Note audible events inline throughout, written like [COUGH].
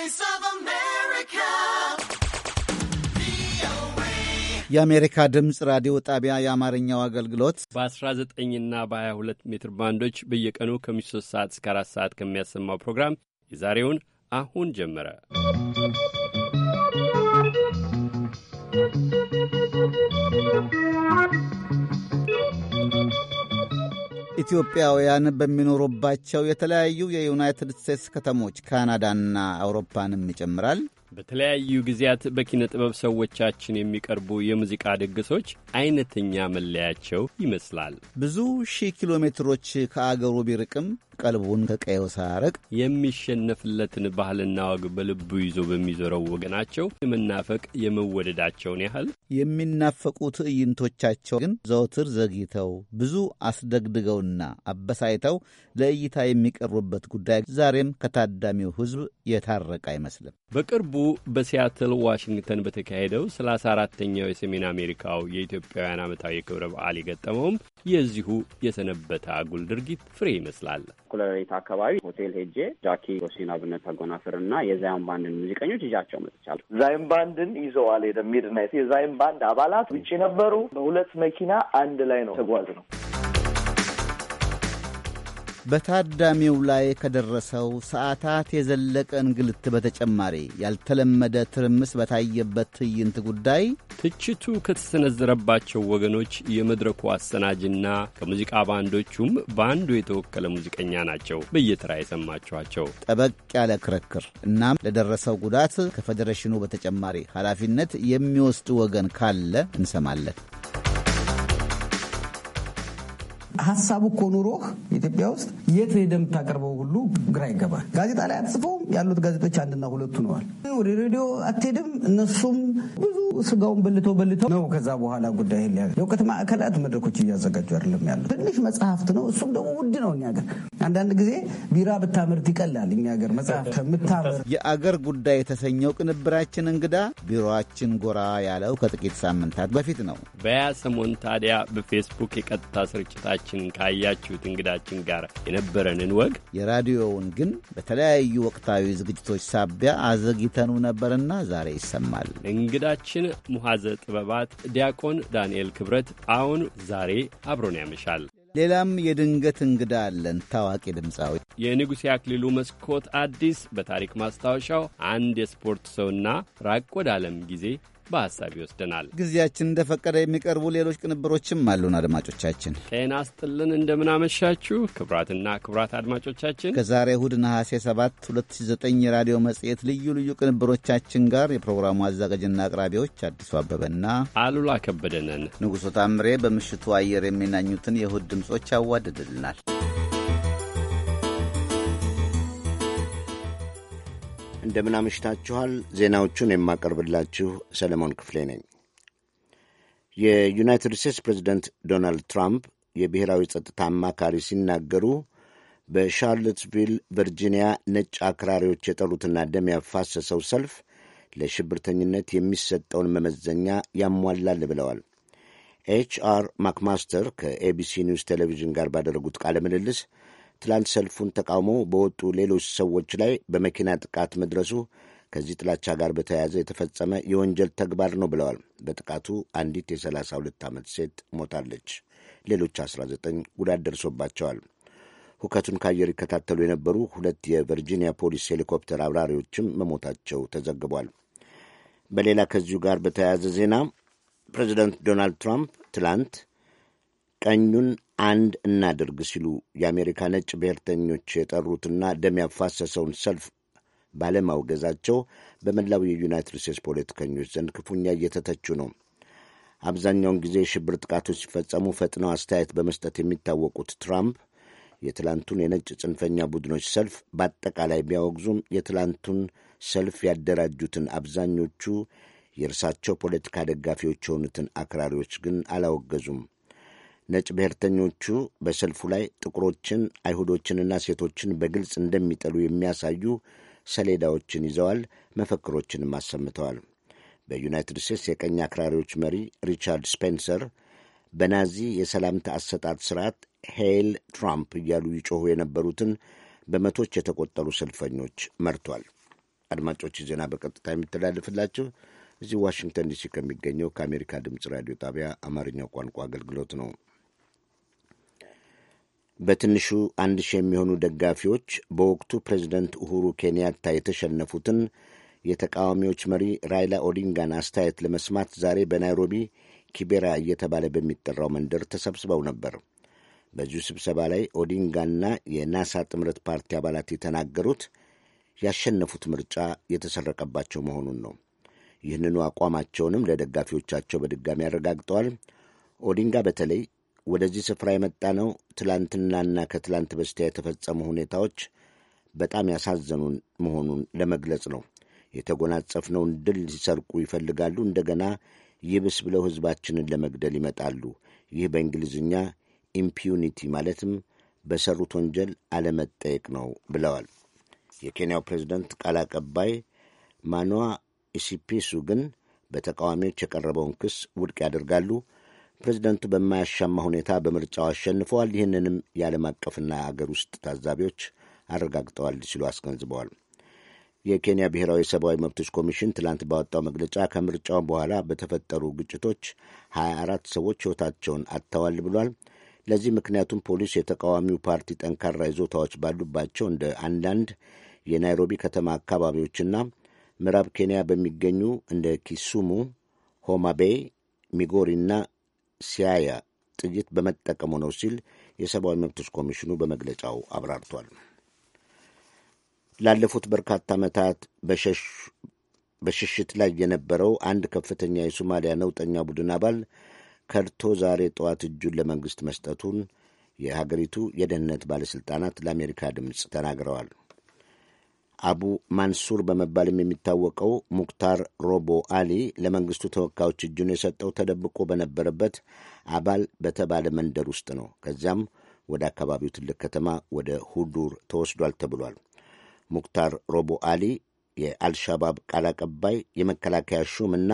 Voice የአሜሪካ ድምፅ ራዲዮ ጣቢያ የአማርኛው አገልግሎት በ19 እና በ22 ሜትር ባንዶች በየቀኑ ከምሽቱ 3 ሰዓት እስከ 4 ሰዓት ከሚያሰማው ፕሮግራም የዛሬውን አሁን ጀመረ። ኢትዮጵያውያን በሚኖሩባቸው የተለያዩ የዩናይትድ ስቴትስ ከተሞች ካናዳና አውሮፓንም ይጨምራል። በተለያዩ ጊዜያት በኪነ ጥበብ ሰዎቻችን የሚቀርቡ የሙዚቃ ድግሶች አይነተኛ መለያቸው ይመስላል። ብዙ ሺህ ኪሎ ሜትሮች ከአገሩ ቢርቅም ቀልቡን ከቀየው ሳያረግ የሚሸነፍለትን ባህልና ወግ በልቡ ይዞ በሚዞረው ወገናቸው የመናፈቅ የመወደዳቸውን ያህል የሚናፈቁ ትዕይንቶቻቸው ግን ዘውትር ዘግይተው ብዙ አስደግድገውና አበሳይተው ለእይታ የሚቀርቡበት ጉዳይ ዛሬም ከታዳሚው ሕዝብ የታረቀ አይመስልም። በቅርቡ በሲያትል ዋሽንግተን በተካሄደው 34ተኛው የሰሜን አሜሪካው የኢትዮጵያውያን ዓመታዊ ክብረ በዓል የገጠመውም የዚሁ የሰነበተ አጉል ድርጊት ፍሬ ይመስላል። ኩለሬት አካባቢ ሆቴል ሄጄ ጃኪ ሆሴን አብነት አጎናፍር እና የዛይም ባንድን ሙዚቀኞች ይዣቸው መጥቻለሁ። ዛይም ባንድን ይዘዋል ሄደ ሚድናይት የዛይም ባንድ አባላት ውጭ ነበሩ። በሁለት መኪና አንድ ላይ ነው ተጓዝ ነው በታዳሚው ላይ ከደረሰው ሰዓታት የዘለቀ እንግልት በተጨማሪ ያልተለመደ ትርምስ በታየበት ትዕይንት ጉዳይ ትችቱ ከተሰነዘረባቸው ወገኖች የመድረኩ አሰናጅና ከሙዚቃ ባንዶቹም በአንዱ የተወከለ ሙዚቀኛ ናቸው። በየተራ የሰማችኋቸው ጠበቅ ያለ ክርክር፣ እናም ለደረሰው ጉዳት ከፌዴሬሽኑ በተጨማሪ ኃላፊነት የሚወስድ ወገን ካለ እንሰማለን። ሀሳቡ እኮ ኑሮህ ኢትዮጵያ ውስጥ የት እንደምታቀርበው ሁሉ ግራ ይገባል። ጋዜጣ ላይ አትጽፈውም። ያሉት ጋዜጦች አንድና ሁለቱ ነዋል። ወደ ሬዲዮ አትሄድም። እነሱም ብዙ ስጋውን በልቶ በልቶ ነው ከዛ በኋላ ጉዳይ ሊያ የእውቀት ማዕከላት መድረኮች እያዘጋጁ አይደለም ያለ ትንሽ መጽሐፍት ነው። እሱም ደግሞ ውድ ነው እኛ ሀገር። አንዳንድ ጊዜ ቢራ ብታምርት ይቀላል እኛ ሀገር መጽሐፍ ከምታምር። የአገር ጉዳይ የተሰኘው ቅንብራችን እንግዳ ቢሮችን ጎራ ያለው ከጥቂት ሳምንታት በፊት ነው። በያ ሰሞን ታዲያ በፌስቡክ የቀጥታ ስርጭታችን ካያችሁት እንግዳችን ጋር የነበረንን ወግ የራዲዮውን ግን በተለያዩ ወቅታዊ ዝግጅቶች ሳቢያ አዘግይተኑ ነበርና ዛሬ ይሰማል። እንግዳችን ሙሐዘ ጥበባት ዲያቆን ዳንኤል ክብረት አሁን ዛሬ አብሮን ያመሻል። ሌላም የድንገት እንግዳ አለን። ታዋቂ ድምፃዊ የንጉሴ አክሊሉ መስኮት አዲስ በታሪክ ማስታወሻው አንድ የስፖርት ሰውና ራቅ ወዳለም ዓለም ጊዜ በሀሳብ ይወስደናል። ጊዜያችን እንደፈቀደ የሚቀርቡ ሌሎች ቅንብሮችም አሉን። አድማጮቻችን ጤና ስጥልን፣ እንደምናመሻችሁ ክብራትና ክብራት አድማጮቻችን ከዛሬ እሁድ ነሐሴ 7 2009 የራዲዮ መጽሔት ልዩ ልዩ ቅንብሮቻችን ጋር የፕሮግራሙ አዘጋጅና አቅራቢዎች አዲሱ አበበና አሉላ ከበደነን ንጉሡ ታምሬ በምሽቱ አየር የሚናኙትን የእሁድ ድምፆች ያዋድድልናል። እንደምን አምሽታችኋል። ዜናዎቹን የማቀርብላችሁ ሰለሞን ክፍሌ ነኝ። የዩናይትድ ስቴትስ ፕሬዚደንት ዶናልድ ትራምፕ የብሔራዊ ጸጥታ አማካሪ ሲናገሩ በሻርሎትስቪል ቨርጂኒያ ነጭ አክራሪዎች የጠሩትና ደም ያፋሰሰው ሰልፍ ለሽብርተኝነት የሚሰጠውን መመዘኛ ያሟላል ብለዋል። ኤች አር ማክማስተር ከኤቢሲ ኒውስ ቴሌቪዥን ጋር ባደረጉት ቃለ ምልልስ ትላንት ሰልፉን ተቃውሞ በወጡ ሌሎች ሰዎች ላይ በመኪና ጥቃት መድረሱ ከዚህ ጥላቻ ጋር በተያያዘ የተፈጸመ የወንጀል ተግባር ነው ብለዋል። በጥቃቱ አንዲት የ32 ዓመት ሴት ሞታለች። ሌሎች 19 ጉዳት ደርሶባቸዋል። ሁከቱን ከአየር ይከታተሉ የነበሩ ሁለት የቨርጂኒያ ፖሊስ ሄሊኮፕተር አብራሪዎችም መሞታቸው ተዘግቧል። በሌላ ከዚሁ ጋር በተያያዘ ዜና ፕሬዚደንት ዶናልድ ትራምፕ ትላንት ቀኙን አንድ እናድርግ ሲሉ የአሜሪካ ነጭ ብሔርተኞች የጠሩትና ደም ያፋሰሰውን ሰልፍ ባለማውገዛቸው በመላው የዩናይትድ ስቴትስ ፖለቲከኞች ዘንድ ክፉኛ እየተተቹ ነው። አብዛኛውን ጊዜ የሽብር ጥቃቶች ሲፈጸሙ ፈጥነው አስተያየት በመስጠት የሚታወቁት ትራምፕ የትላንቱን የነጭ ጽንፈኛ ቡድኖች ሰልፍ በአጠቃላይ ቢያወግዙም የትላንቱን ሰልፍ ያደራጁትን አብዛኞቹ የእርሳቸው ፖለቲካ ደጋፊዎች የሆኑትን አክራሪዎች ግን አላወገዙም። ነጭ ብሔርተኞቹ በሰልፉ ላይ ጥቁሮችን፣ አይሁዶችንና ሴቶችን በግልጽ እንደሚጠሉ የሚያሳዩ ሰሌዳዎችን ይዘዋል። መፈክሮችንም አሰምተዋል። በዩናይትድ ስቴትስ የቀኝ አክራሪዎች መሪ ሪቻርድ ስፔንሰር በናዚ የሰላምታ አሰጣጥ ስርዓት ሄይል ትራምፕ እያሉ ይጮኹ የነበሩትን በመቶች የተቆጠሩ ሰልፈኞች መርቷል። አድማጮች ዜና በቀጥታ የሚተላለፍላችሁ እዚህ ዋሽንግተን ዲሲ ከሚገኘው ከአሜሪካ ድምፅ ራዲዮ ጣቢያ አማርኛው ቋንቋ አገልግሎት ነው። በትንሹ አንድ ሺህ የሚሆኑ ደጋፊዎች በወቅቱ ፕሬዚደንት ኡሁሩ ኬንያታ የተሸነፉትን የተቃዋሚዎች መሪ ራይላ ኦዲንጋን አስተያየት ለመስማት ዛሬ በናይሮቢ ኪቤራ እየተባለ በሚጠራው መንደር ተሰብስበው ነበር። በዚሁ ስብሰባ ላይ ኦዲንጋና የናሳ ጥምረት ፓርቲ አባላት የተናገሩት ያሸነፉት ምርጫ የተሰረቀባቸው መሆኑን ነው። ይህንኑ አቋማቸውንም ለደጋፊዎቻቸው በድጋሚ አረጋግጠዋል። ኦዲንጋ በተለይ ወደዚህ ስፍራ የመጣ ነው ትላንትናና ከትላንት በስቲያ የተፈጸሙ ሁኔታዎች በጣም ያሳዘኑን መሆኑን ለመግለጽ ነው። የተጎናጸፍነውን ድል ሊሰርቁ ይፈልጋሉ። እንደገና ይብስ ብለው ሕዝባችንን ለመግደል ይመጣሉ። ይህ በእንግሊዝኛ ኢምፒዩኒቲ ማለትም በሰሩት ወንጀል አለመጠየቅ ነው ብለዋል። የኬንያው ፕሬዝደንት ቃል አቀባይ ማኗ ኢሲፒሱ ግን በተቃዋሚዎች የቀረበውን ክስ ውድቅ ያደርጋሉ። ፕሬዚደንቱ በማያሻማ ሁኔታ በምርጫው አሸንፈዋል። ይህንንም የዓለም አቀፍና አገር ውስጥ ታዛቢዎች አረጋግጠዋል ሲሉ አስገንዝበዋል። የኬንያ ብሔራዊ ሰብአዊ መብቶች ኮሚሽን ትላንት ባወጣው መግለጫ ከምርጫው በኋላ በተፈጠሩ ግጭቶች 24 ሰዎች ሕይወታቸውን አጥተዋል ብሏል። ለዚህ ምክንያቱም ፖሊስ የተቃዋሚው ፓርቲ ጠንካራ ይዞታዎች ባሉባቸው እንደ አንዳንድ የናይሮቢ ከተማ አካባቢዎችና ምዕራብ ኬንያ በሚገኙ እንደ ኪሱሙ፣ ሆማ ሚጎሪና ሲያያ ጥይት በመጠቀሙ ነው ሲል የሰብአዊ መብቶች ኮሚሽኑ በመግለጫው አብራርቷል። ላለፉት በርካታ ዓመታት በሽሽት ላይ የነበረው አንድ ከፍተኛ የሶማሊያ ነውጠኛ ቡድን አባል ከድቶ ዛሬ ጠዋት እጁን ለመንግሥት መስጠቱን የሀገሪቱ የደህንነት ባለሥልጣናት ለአሜሪካ ድምፅ ተናግረዋል። አቡ ማንሱር በመባልም የሚታወቀው ሙክታር ሮቦ አሊ ለመንግስቱ ተወካዮች እጁን የሰጠው ተደብቆ በነበረበት አባል በተባለ መንደር ውስጥ ነው። ከዚያም ወደ አካባቢው ትልቅ ከተማ ወደ ሁዱር ተወስዷል ተብሏል። ሙክታር ሮቦ አሊ የአልሻባብ ቃል አቀባይ፣ የመከላከያ ሹም እና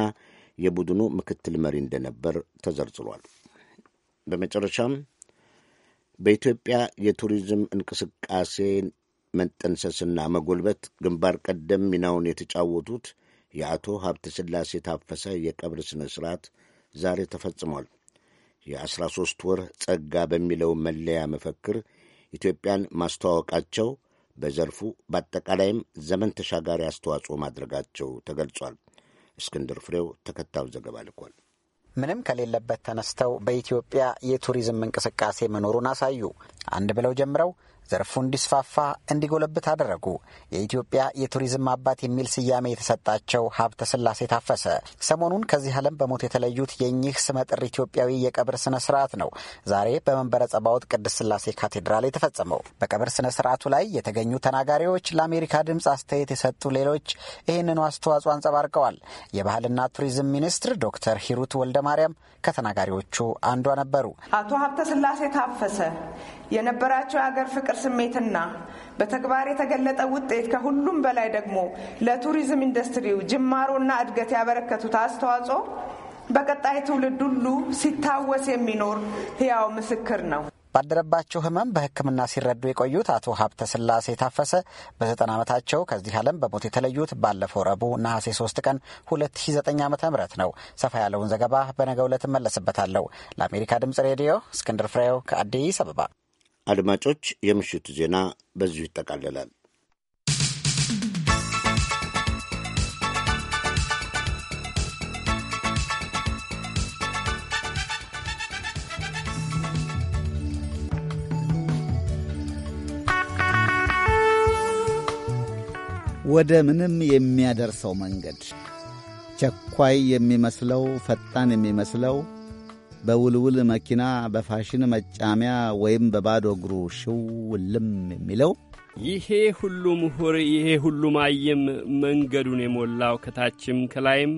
የቡድኑ ምክትል መሪ እንደነበር ተዘርዝሯል። በመጨረሻም በኢትዮጵያ የቱሪዝም እንቅስቃሴን መጠንሰስና መጎልበት ግንባር ቀደም ሚናውን የተጫወቱት የአቶ ሀብተ ሥላሴ ታፈሰ የቀብር ሥነ ሥርዓት ዛሬ ተፈጽሟል። የአስራ ሦስት ወር ጸጋ በሚለው መለያ መፈክር ኢትዮጵያን ማስተዋወቃቸው በዘርፉ በአጠቃላይም ዘመን ተሻጋሪ አስተዋጽኦ ማድረጋቸው ተገልጿል። እስክንድር ፍሬው ተከታዩ ዘገባ ልኳል። ምንም ከሌለበት ተነስተው በኢትዮጵያ የቱሪዝም እንቅስቃሴ መኖሩን አሳዩ። አንድ ብለው ጀምረው ዘርፉ እንዲስፋፋ እንዲጎለብት አደረጉ። የኢትዮጵያ የቱሪዝም አባት የሚል ስያሜ የተሰጣቸው ሀብተ ስላሴ ታፈሰ ሰሞኑን ከዚህ ዓለም በሞት የተለዩት የእኚህ ስመጥር ኢትዮጵያዊ የቀብር ስነ ስርዓት ነው ዛሬ በመንበረ ጸባዖት ቅድስት ስላሴ ካቴድራል የተፈጸመው። በቀብር ስነ ስርዓቱ ላይ የተገኙ ተናጋሪዎች፣ ለአሜሪካ ድምፅ አስተያየት የሰጡ ሌሎች ይህንኑ አስተዋጽኦ አንጸባርቀዋል። የባህልና ቱሪዝም ሚኒስትር ዶክተር ሂሩት ወልደ ማርያም ከተናጋሪዎቹ አንዷ ነበሩ። አቶ ሀብተ ስላሴ ታፈሰ የነበራቸው የሀገር ፍቅር በፍቅር ስሜትና በተግባር የተገለጠ ውጤት ከሁሉም በላይ ደግሞ ለቱሪዝም ኢንዱስትሪው ጅማሮና እድገት ያበረከቱት አስተዋጽኦ በቀጣይ ትውልድ ሁሉ ሲታወስ የሚኖር ህያው ምስክር ነው። ባደረባቸው ህመም በሕክምና ሲረዱ የቆዩት አቶ ሀብተ ስላሴ ታፈሰ በዘጠና ዓመታቸው ከዚህ ዓለም በሞት የተለዩት ባለፈው ረቡዕ ነሐሴ 3 ቀን 2009 ዓ ም ነው። ሰፋ ያለውን ዘገባ በነገ ዕለት እመለስበታለሁ። ለአሜሪካ ድምፅ ሬዲዮ እስክንድር ፍሬው ከአዲስ አበባ አድማጮች፣ የምሽቱ ዜና በዚሁ ይጠቃልላል። ወደ ምንም የሚያደርሰው መንገድ ቸኳይ የሚመስለው ፈጣን የሚመስለው በውልውል መኪና በፋሽን መጫሚያ ወይም በባዶ እግሩ ሽውልም የሚለው ይሄ ሁሉ ምሁር ይሄ ሁሉ ማየም መንገዱን የሞላው ከታችም ከላይም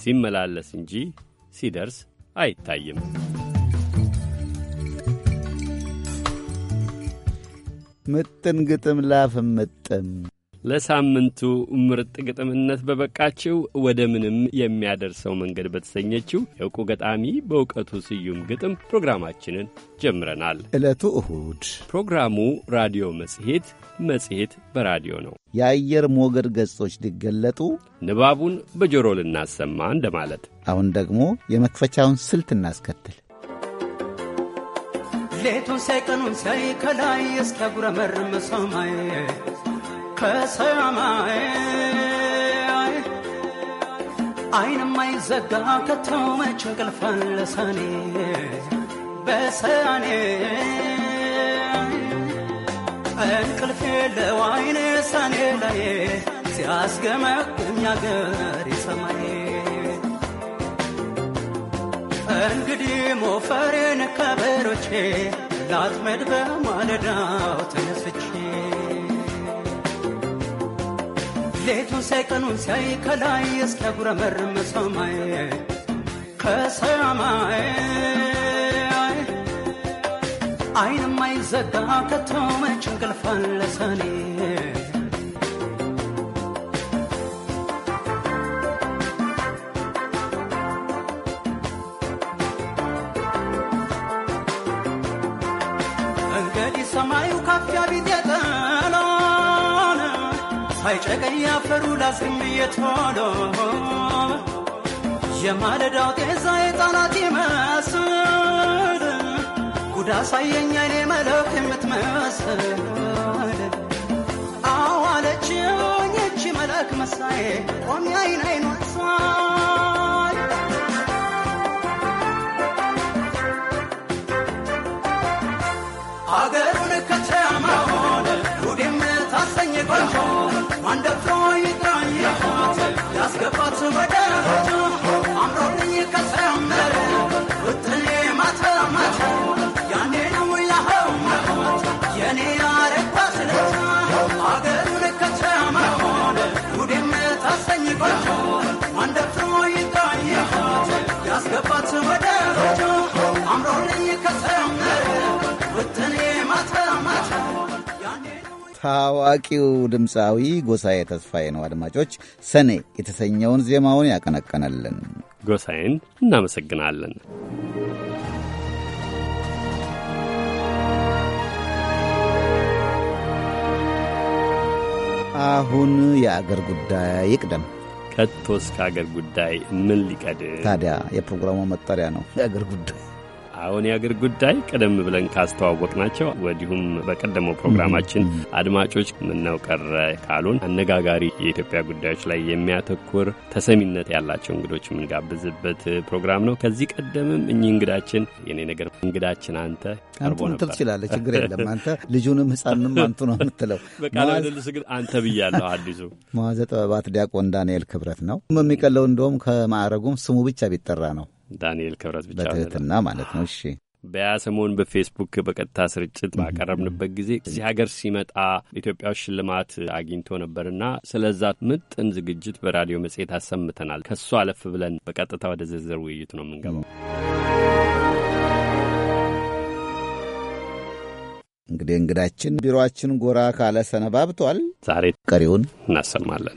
ሲመላለስ እንጂ ሲደርስ አይታይም። ምጥን ግጥም ላፍ ምጥም ለሳምንቱ ምርጥ ግጥምነት በበቃችው ወደ ምንም የሚያደርሰው መንገድ በተሰኘችው የእውቁ ገጣሚ በእውቀቱ ስዩም ግጥም ፕሮግራማችንን ጀምረናል። ዕለቱ እሁድ፣ ፕሮግራሙ ራዲዮ መጽሔት፣ መጽሔት በራዲዮ ነው። የአየር ሞገድ ገጾች ሊገለጡ ንባቡን በጆሮ ልናሰማ እንደማለት። አሁን ደግሞ የመክፈቻውን ስልት እናስከትል። ሌቱን ሳይቀኑን ሳይከላይ እስኪያጉረመርም ሰማይ ከሰማይ አይን ማይዘጋ ከተው መች እንቅልፋን በሰኔ እንቅልፍ የለው አይኔ ሰኔ ላይ ሲያስገመግም ያገር ሰማይ እንግዲህ ሞፈሬን ከበሮቼ ላጥመድ በማለዳው ተነስቼ ሌቱን ሳይቀኑን ቀኑን ሳይ ከላይ እስኪያጉረመርም ሰማይ ከሰማይ ዓይንም አይዘጋ ከቶ መች እንቅልፍ አለ ሰኔ እንግዲህ ሰማዩ ካፊያ ቢጤ ሳይጨቀኝ ያፈሩ ላዝግም ብዬ የማለዳው ጤዛ የጣላት ይመስል ጉዳ ሳየኛ እኔ መለክ የምትመስል አዋለችኝ እቺ መለክ መሳዬ ቆሚ አይን አይኗሳ ታዋቂው ድምፃዊ ጎሳዬ ተስፋዬ ነው። አድማጮች፣ ሰኔ የተሰኘውን ዜማውን ያቀነቀነልን ጎሳዬን እናመሰግናለን። አሁን የአገር ጉዳይ ይቅደም። ቀጥቶ እስከ አገር ጉዳይ ምን ሊቀድም ታዲያ? የፕሮግራሙ መጠሪያ ነው የአገር ጉዳይ አሁን የአገር ጉዳይ ቀደም ብለን ካስተዋወቅ ናቸው ወዲሁም በቀደመው ፕሮግራማችን አድማጮች ምነው ቀረ ካሉን አነጋጋሪ የኢትዮጵያ ጉዳዮች ላይ የሚያተኩር ተሰሚነት ያላቸው እንግዶች የምንጋብዝበት ፕሮግራም ነው። ከዚህ ቀደምም እኚህ እንግዳችን የኔ ነገር እንግዳችን አንተ ቀርቦ ነበር። ትችላለህ፣ ችግር የለም አንተ ልጁንም ህፃንም አንቱ ነው የምትለው። በቃልስ ግን አንተ ብያለሁ። አዲሱ መዋዘ ጥበባት ዲያቆን ዳንኤል ክብረት ነው የሚቀለው። እንደውም ከማዕረጉም ስሙ ብቻ ቢጠራ ነው ዳንኤል ክብረት ብቻ በትህትና ማለት ነው። እሺ በያ ሰሞን በፌስቡክ በቀጥታ ስርጭት ባቀረብንበት ጊዜ እዚህ ሀገር ሲመጣ ኢትዮጵያ ሽልማት አግኝቶ ነበርና ስለዛ ምጥን ዝግጅት በራዲዮ መጽሔት አሰምተናል። ከሱ አለፍ ብለን በቀጥታ ወደ ዝርዝር ውይይት ነው የምንገባው። እንግዲህ እንግዳችን ቢሮአችን ጎራ ካለ ሰነባብቷል። ዛሬ ቀሪውን እናሰማለን።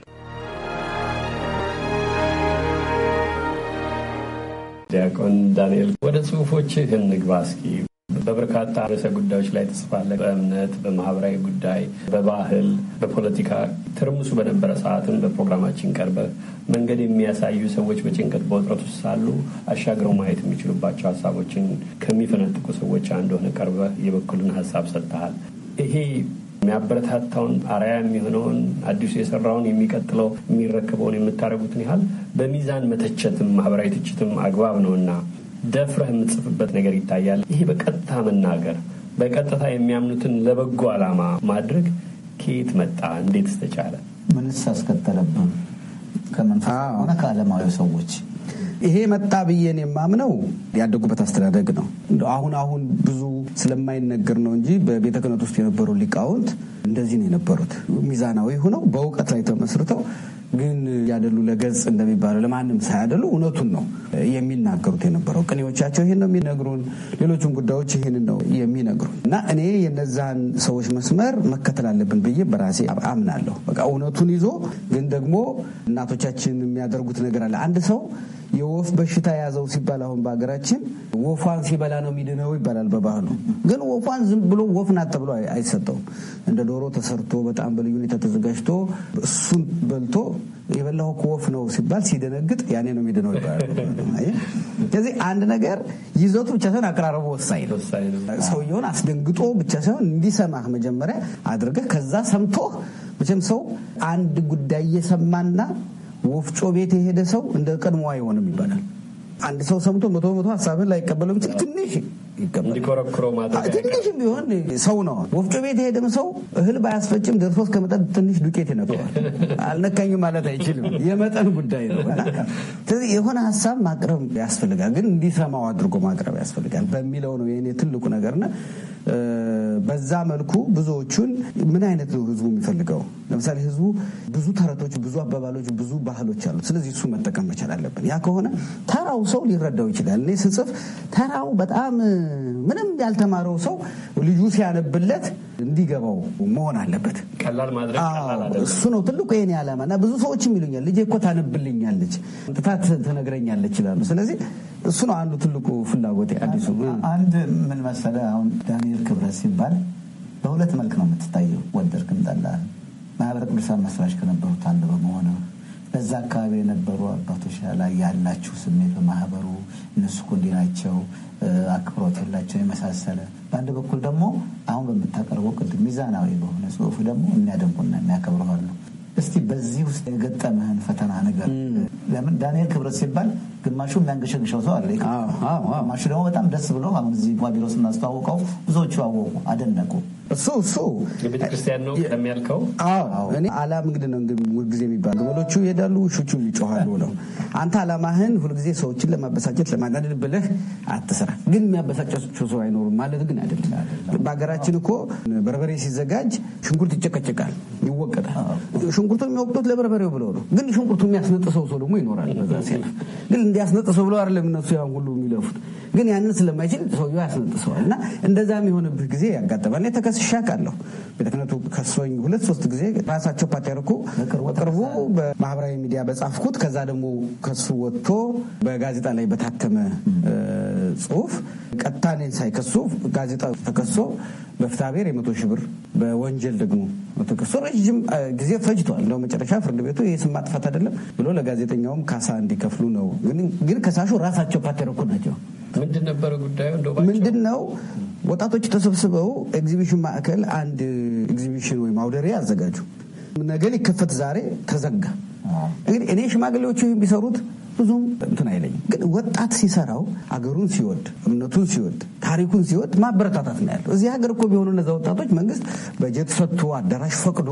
ዲያቆን ዳንኤል ወደ ጽሁፎችህ እንግባ እስኪ። በበርካታ ርዕሰ ጉዳዮች ላይ ተጽፋለህ። በእምነት፣ በማህበራዊ ጉዳይ፣ በባህል፣ በፖለቲካ ትርምሱ በነበረ ሰዓትም በፕሮግራማችን ቀርበህ መንገድ የሚያሳዩ ሰዎች በጭንቀት በውጥረት ውስጥ ሳሉ አሻግረው ማየት የሚችሉባቸው ሀሳቦችን ከሚፈነጥቁ ሰዎች አንድ ሆነ ቀርበህ የበኩልን ሀሳብ ሰጥተሃል። ይሄ የሚያበረታታውን አርያ የሚሆነውን አዲሱ የሰራውን የሚቀጥለው የሚረክበውን የምታደርጉትን ያህል በሚዛን መተቸትም ማህበራዊ ትችትም አግባብ ነውና ደፍረህ የምትጽፍበት ነገር ይታያል። ይሄ በቀጥታ መናገር፣ በቀጥታ የሚያምኑትን ለበጎ ዓላማ ማድረግ ከየት መጣ? እንዴትስ ስተቻለ? ምንስ አስከተለብን? ከመንፈስ ሆነ ከዓለማዊ ሰዎች ይሄ መጣ ብዬን የማምነው ያደጉበት አስተዳደግ ነው። አሁን አሁን ብዙ ስለማይነገር ነው እንጂ በቤተ ክህነት ውስጥ የነበሩ ሊቃውንት እንደዚህ ነው የነበሩት። ሚዛናዊ ሆነው በእውቀት ላይ ተመስርተው ግን ያደሉ ለገጽ እንደሚባለው ለማንም ሳያደሉ እውነቱን ነው የሚናገሩት የነበረው። ቅኔዎቻቸው ይህን ነው የሚነግሩን፣ ሌሎቹም ጉዳዮች ይህን ነው የሚነግሩን እና እኔ የነዛን ሰዎች መስመር መከተል አለብን ብዬ በራሴ አምናለሁ። በቃ እውነቱን ይዞ ግን ደግሞ እናቶቻችን የሚያደርጉት ነገር አለ አንድ ሰው ወፍ በሽታ የያዘው ሲባል አሁን በሀገራችን ወፏን ሲበላ ነው የሚድነው ይባላል። በባህሉ ግን ወፏን ዝም ብሎ ወፍ ናት ተብሎ አይሰጠውም። እንደ ዶሮ ተሰርቶ በጣም በልዩ ሁኔታ ተዘጋጅቶ እሱን በልቶ የበላው ወፍ ነው ሲባል ሲደነግጥ ያኔ ነው የሚድነው ይባላል። ስለዚህ አንድ ነገር ይዘቱ ብቻ ሳይሆን አቀራረቡ ወሳኝ ነው። ሰውየውን አስደንግጦ ብቻ ሳይሆን እንዲሰማህ መጀመሪያ አድርገህ ከዛ ሰምቶ መቼም ሰው አንድ ጉዳይ እየሰማና ወፍጮ ቤት የሄደ ሰው እንደ ቀድሞ አይሆንም ይባላል። አንድ ሰው ሰምቶ መቶ መቶ ሀሳብን ላይቀበለው ቢችል ትንሽ ትንሽ ቢሆን ሰው ነው። ወፍጮ ቤት የሄደም ሰው እህል ባያስፈጭም ደርሶ እስከመጠጥ ትንሽ ዱቄት ይነግረዋል። አልነካኝም ማለት አይችልም። የመጠን ጉዳይ ነው። ስለዚህ የሆነ ሀሳብ ማቅረብ ያስፈልጋል፣ ግን እንዲሰማው አድርጎ ማቅረብ ያስፈልጋል በሚለው ነው የኔ ትልቁ ነገርና በዛ መልኩ ብዙዎቹን ምን አይነት ነው ህዝቡ የሚፈልገው? ለምሳሌ ህዝቡ ብዙ ተረቶች፣ ብዙ አባባሎች፣ ብዙ ባህሎች አሉ። ስለዚህ እሱ መጠቀም መቻል አለብን። ያ ከሆነ ተራው ሰው ሊረዳው ይችላል። እኔ ስጽፍ ተራው በጣም ምንም ያልተማረው ሰው ልዩ ሲያነብለት እንዲገባው መሆን አለበት። ቀላል ማድረግ እሱ ነው ትልቁ የኔ ዓላማ እና ብዙ ሰዎችም ይሉኛል ልጄ እኮ ታነብልኛለች፣ ጥታት ትነግረኛለች ይላሉ። ስለዚህ እሱ ነው አንዱ ትልቁ ፍላጎት አዲሱ አንድ ምን መሰለህ አሁን ዳኒ ለእግዚአብሔር ክብረት ሲባል በሁለት መልክ ነው የምትታየው። ወደር ክምጠላ ማህበረ ቅዱሳን መስራች ከነበሩት አንዱ በመሆነ በዛ አካባቢ የነበሩ አባቶች ላይ ያላችሁ ስሜት በማህበሩ እነሱ ናቸው፣ አክብሮት የላቸው የመሳሰለ፣ በአንድ በኩል ደግሞ አሁን በምታቀርበው ቅድም ሚዛናዊ በሆነ ጽሁፍ ደግሞ የሚያደንቁና የሚያከብረዋሉ እስቲ በዚህ ውስጥ የገጠመህን ፈተና ነገር ለምን ዳንኤል ክብረት ሲባል ግማሹ የሚያንገሸግሸው ሰው አለ፣ ግማሹ ደግሞ በጣም ደስ ብሎ አሁን እዚህ ቢሮ ስናስተዋውቀው ብዙዎቹ አወቁ፣ አደነቁ። እሱ እሱ ቤተክርስቲያን ነው ከሚያልከው እኔ አላም እንግዲህ ነው ሁልጊዜ የሚባል ግመሎቹ ይሄዳሉ ውሾቹ ይጮኋሉ ነው። አንተ አላማህን ሁልጊዜ ሰዎችን ለማበሳጨት ለማናደድ ብለህ አትስራ። ግን የሚያበሳጨቸው ሰው አይኖሩም ማለት ግን አይደለም። በሀገራችን እኮ በርበሬ ሲዘጋጅ ሽንኩርት ይጨቀጨቃል፣ ይወቀጣል ሽንኩርት የሚወቅጡት ለበርበሬው ብለው ነው። ግን ሽንኩርቱ የሚያስነጥሰው ሰው ደግሞ ይኖራል። በዛ ሴላ ግን እንዲያስነጥሰው ብለው አይደለም እነሱ ያን ሁሉ የሚለፉት። ግን ያንን ስለማይችል ሰውየው ያስነጥሰዋል። እና እንደዛም የሆነብህ ጊዜ ያጋጠማል። ተከስሼ አውቃለሁ። ቤተ ክህነቱ ከሰኝ ሁለት ሶስት ጊዜ ራሳቸው ፓትርያርኩ በቅርቡ በማህበራዊ ሚዲያ በጻፍኩት ከዛ ደግሞ ከሱ ወጥቶ በጋዜጣ ላይ በታተመ ጽሁፍ ቀጥታ እኔን ሳይከሱ ጋዜጣ ተከሶ በፍትሐ ብሔር የመቶ ሺህ ብር በወንጀል ደግሞ ተከሶ ረዥም ጊዜ ፈጅቷል። እንደው መጨረሻ ፍርድ ቤቱ ይህ ስም ማጥፋት አይደለም ብሎ ለጋዜጠኛውም ካሳ እንዲከፍሉ ነው። ግን ከሳሹ ራሳቸው ፓትርያርኩ ናቸው። ምንድን ነበረ ጉዳዩ? ምንድን ነው? ወጣቶች ተሰብስበው ኤግዚቢሽን ማዕከል አንድ ኤግዚቢሽን ወይም አውደሬ አዘጋጁ። ነገ ሊከፈት ዛሬ ተዘጋ። እንግዲህ እኔ ሽማግሌዎቹ የሚሰሩት ብዙም እንትን አይለኝም። ግን ወጣት ሲሰራው አገሩን ሲወድ እምነቱን ሲወድ ታሪኩን ሲወድ ማበረታታት ነው ያለው። እዚህ ሀገር እኮ ቢሆኑ እነዛ ወጣቶች መንግስት በጀት ሰጥቶ አዳራሽ ፈቅዶ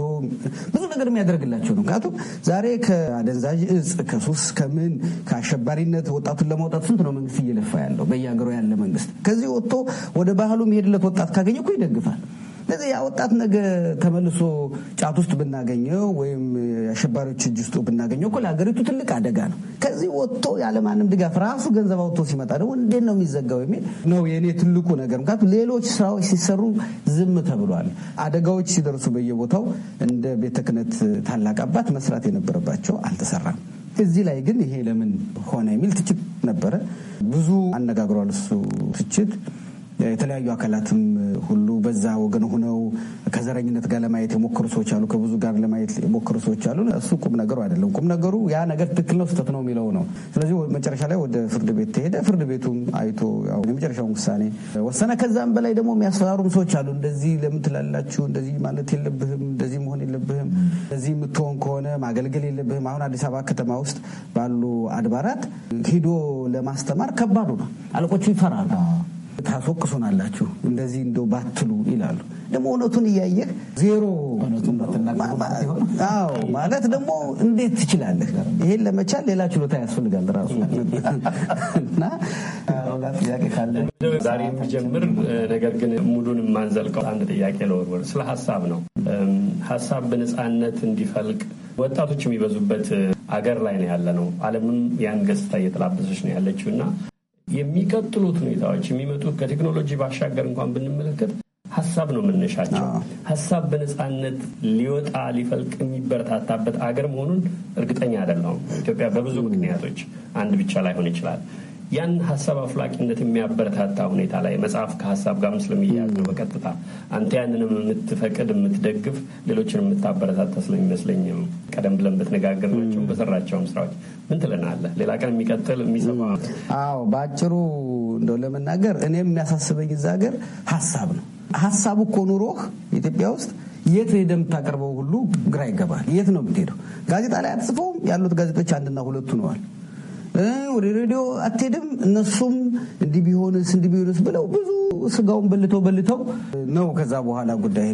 ብዙ ነገር የሚያደርግላቸው ነው። ምክንያቱም ዛሬ ከአደንዛዥ እጽ፣ ከሱስ፣ ከምን ከአሸባሪነት ወጣቱን ለማውጣት ስንት ነው መንግስት እየለፋ ያለው በየሀገሩ ያለ መንግስት። ከዚህ ወጥቶ ወደ ባህሉ የሚሄድለት ወጣት ካገኘ እኮ ይደግፋል። ስለዚህ ያ ወጣት ነገ ተመልሶ ጫት ውስጥ ብናገኘው ወይም አሸባሪዎች እጅ ውስጥ ብናገኘው እኮ ለሀገሪቱ ትልቅ አደጋ ነው። ከዚህ ወጥቶ ያለማንም ድጋፍ ራሱ ገንዘብ አውጥቶ ሲመጣ ደግሞ እንዴት ነው የሚዘጋው የሚል ነው የእኔ ትልቁ ነገር። ምክንያቱም ሌሎች ስራዎች ሲሰሩ ዝም ተብሏል። አደጋዎች ሲደርሱ በየቦታው እንደ ቤተ ክህነት ታላቅ አባት መስራት የነበረባቸው አልተሰራም። እዚህ ላይ ግን ይሄ ለምን ሆነ የሚል ትችት ነበረ። ብዙ አነጋግሯል እሱ ትችት የተለያዩ አካላትም ሁሉ በዛ ወገን ሆነው ከዘረኝነት ጋር ለማየት የሞከሩ ሰዎች አሉ። ከብዙ ጋር ለማየት የሞከሩ ሰዎች አሉ። እሱ ቁም ነገሩ አይደለም። ቁም ነገሩ ያ ነገር ትክክል ነው ስህተት ነው የሚለው ነው። ስለዚህ መጨረሻ ላይ ወደ ፍርድ ቤት ተሄደ። ፍርድ ቤቱም አይቶ የመጨረሻውን ውሳኔ ወሰነ። ከዛም በላይ ደግሞ የሚያስፈራሩም ሰዎች አሉ። እንደዚህ ለምን ትላላችሁ? እንደዚህ ማለት የለብህም፣ እንደዚህ መሆን የለብህም፣ እንደዚህ የምትሆን ከሆነ ማገልገል የለብህም። አሁን አዲስ አበባ ከተማ ውስጥ ባሉ አድባራት ሂዶ ለማስተማር ከባዱ ነው። አለቆቹ ይፈራሉ። ታስወቅሱናላችሁ እንደዚህ እንደ ባትሉ ይላሉ። ደግሞ እውነቱን እያየህ ዜሮ ማለት ደግሞ እንዴት ትችላለህ? ይሄን ለመቻል ሌላ ችሎታ ያስፈልጋል ራሱ እና ጥያቄ ካለ ዛሬ የሚጀምር ነገር ግን ሙሉን የማንዘልቀው አንድ ጥያቄ ለወርወር ስለ ሀሳብ ነው። ሀሳብ በነፃነት እንዲፈልቅ ወጣቶች የሚበዙበት አገር ላይ ነው ያለ ነው። ዓለምም ያን ገጽታ እየተላበሰች ነው ያለችው እና የሚቀጥሉት ሁኔታዎች የሚመጡት ከቴክኖሎጂ ባሻገር እንኳን ብንመለከት ሀሳብ ነው መነሻቸው። ሀሳብ በነፃነት ሊወጣ ሊፈልቅ የሚበረታታበት አገር መሆኑን እርግጠኛ አይደለሁም። ኢትዮጵያ በብዙ ምክንያቶች አንድ ብቻ ላይሆን ይችላል። ያን ሀሳብ አፍላቂነት የሚያበረታታ ሁኔታ ላይ መጽሐፍ ከሀሳብ ጋር ስለሚያያዝ ነው በቀጥታ አንተ ያንንም የምትፈቅድ የምትደግፍ፣ ሌሎችን የምታበረታታ ስለሚመስለኝም ቀደም ብለን በተነጋገርናቸው በሰራቸውም ስራዎች ምን ትለናለህ? ሌላ ቀን የሚቀጥል የሚሰማ አዎ፣ በአጭሩ እንደው ለመናገር እኔ የሚያሳስበኝ እዛ ሀገር ሀሳብ ነው። ሀሳቡ እኮ ኑሮህ ኢትዮጵያ ውስጥ የት ሄደህ የምታቀርበው ሁሉ ግራ ይገባል። የት ነው የምትሄደው? ጋዜጣ ላይ አትጽፈውም። ያሉት ጋዜጦች አንድና ሁለቱ ነዋል። ወደ ሬዲዮ አትሄድም። እነሱም እንዲህ ቢሆንስ እንዲህ ቢሆንስ ብለው ብዙ ስጋውን በልተው በልተው ነው ከዛ በኋላ ጉዳይ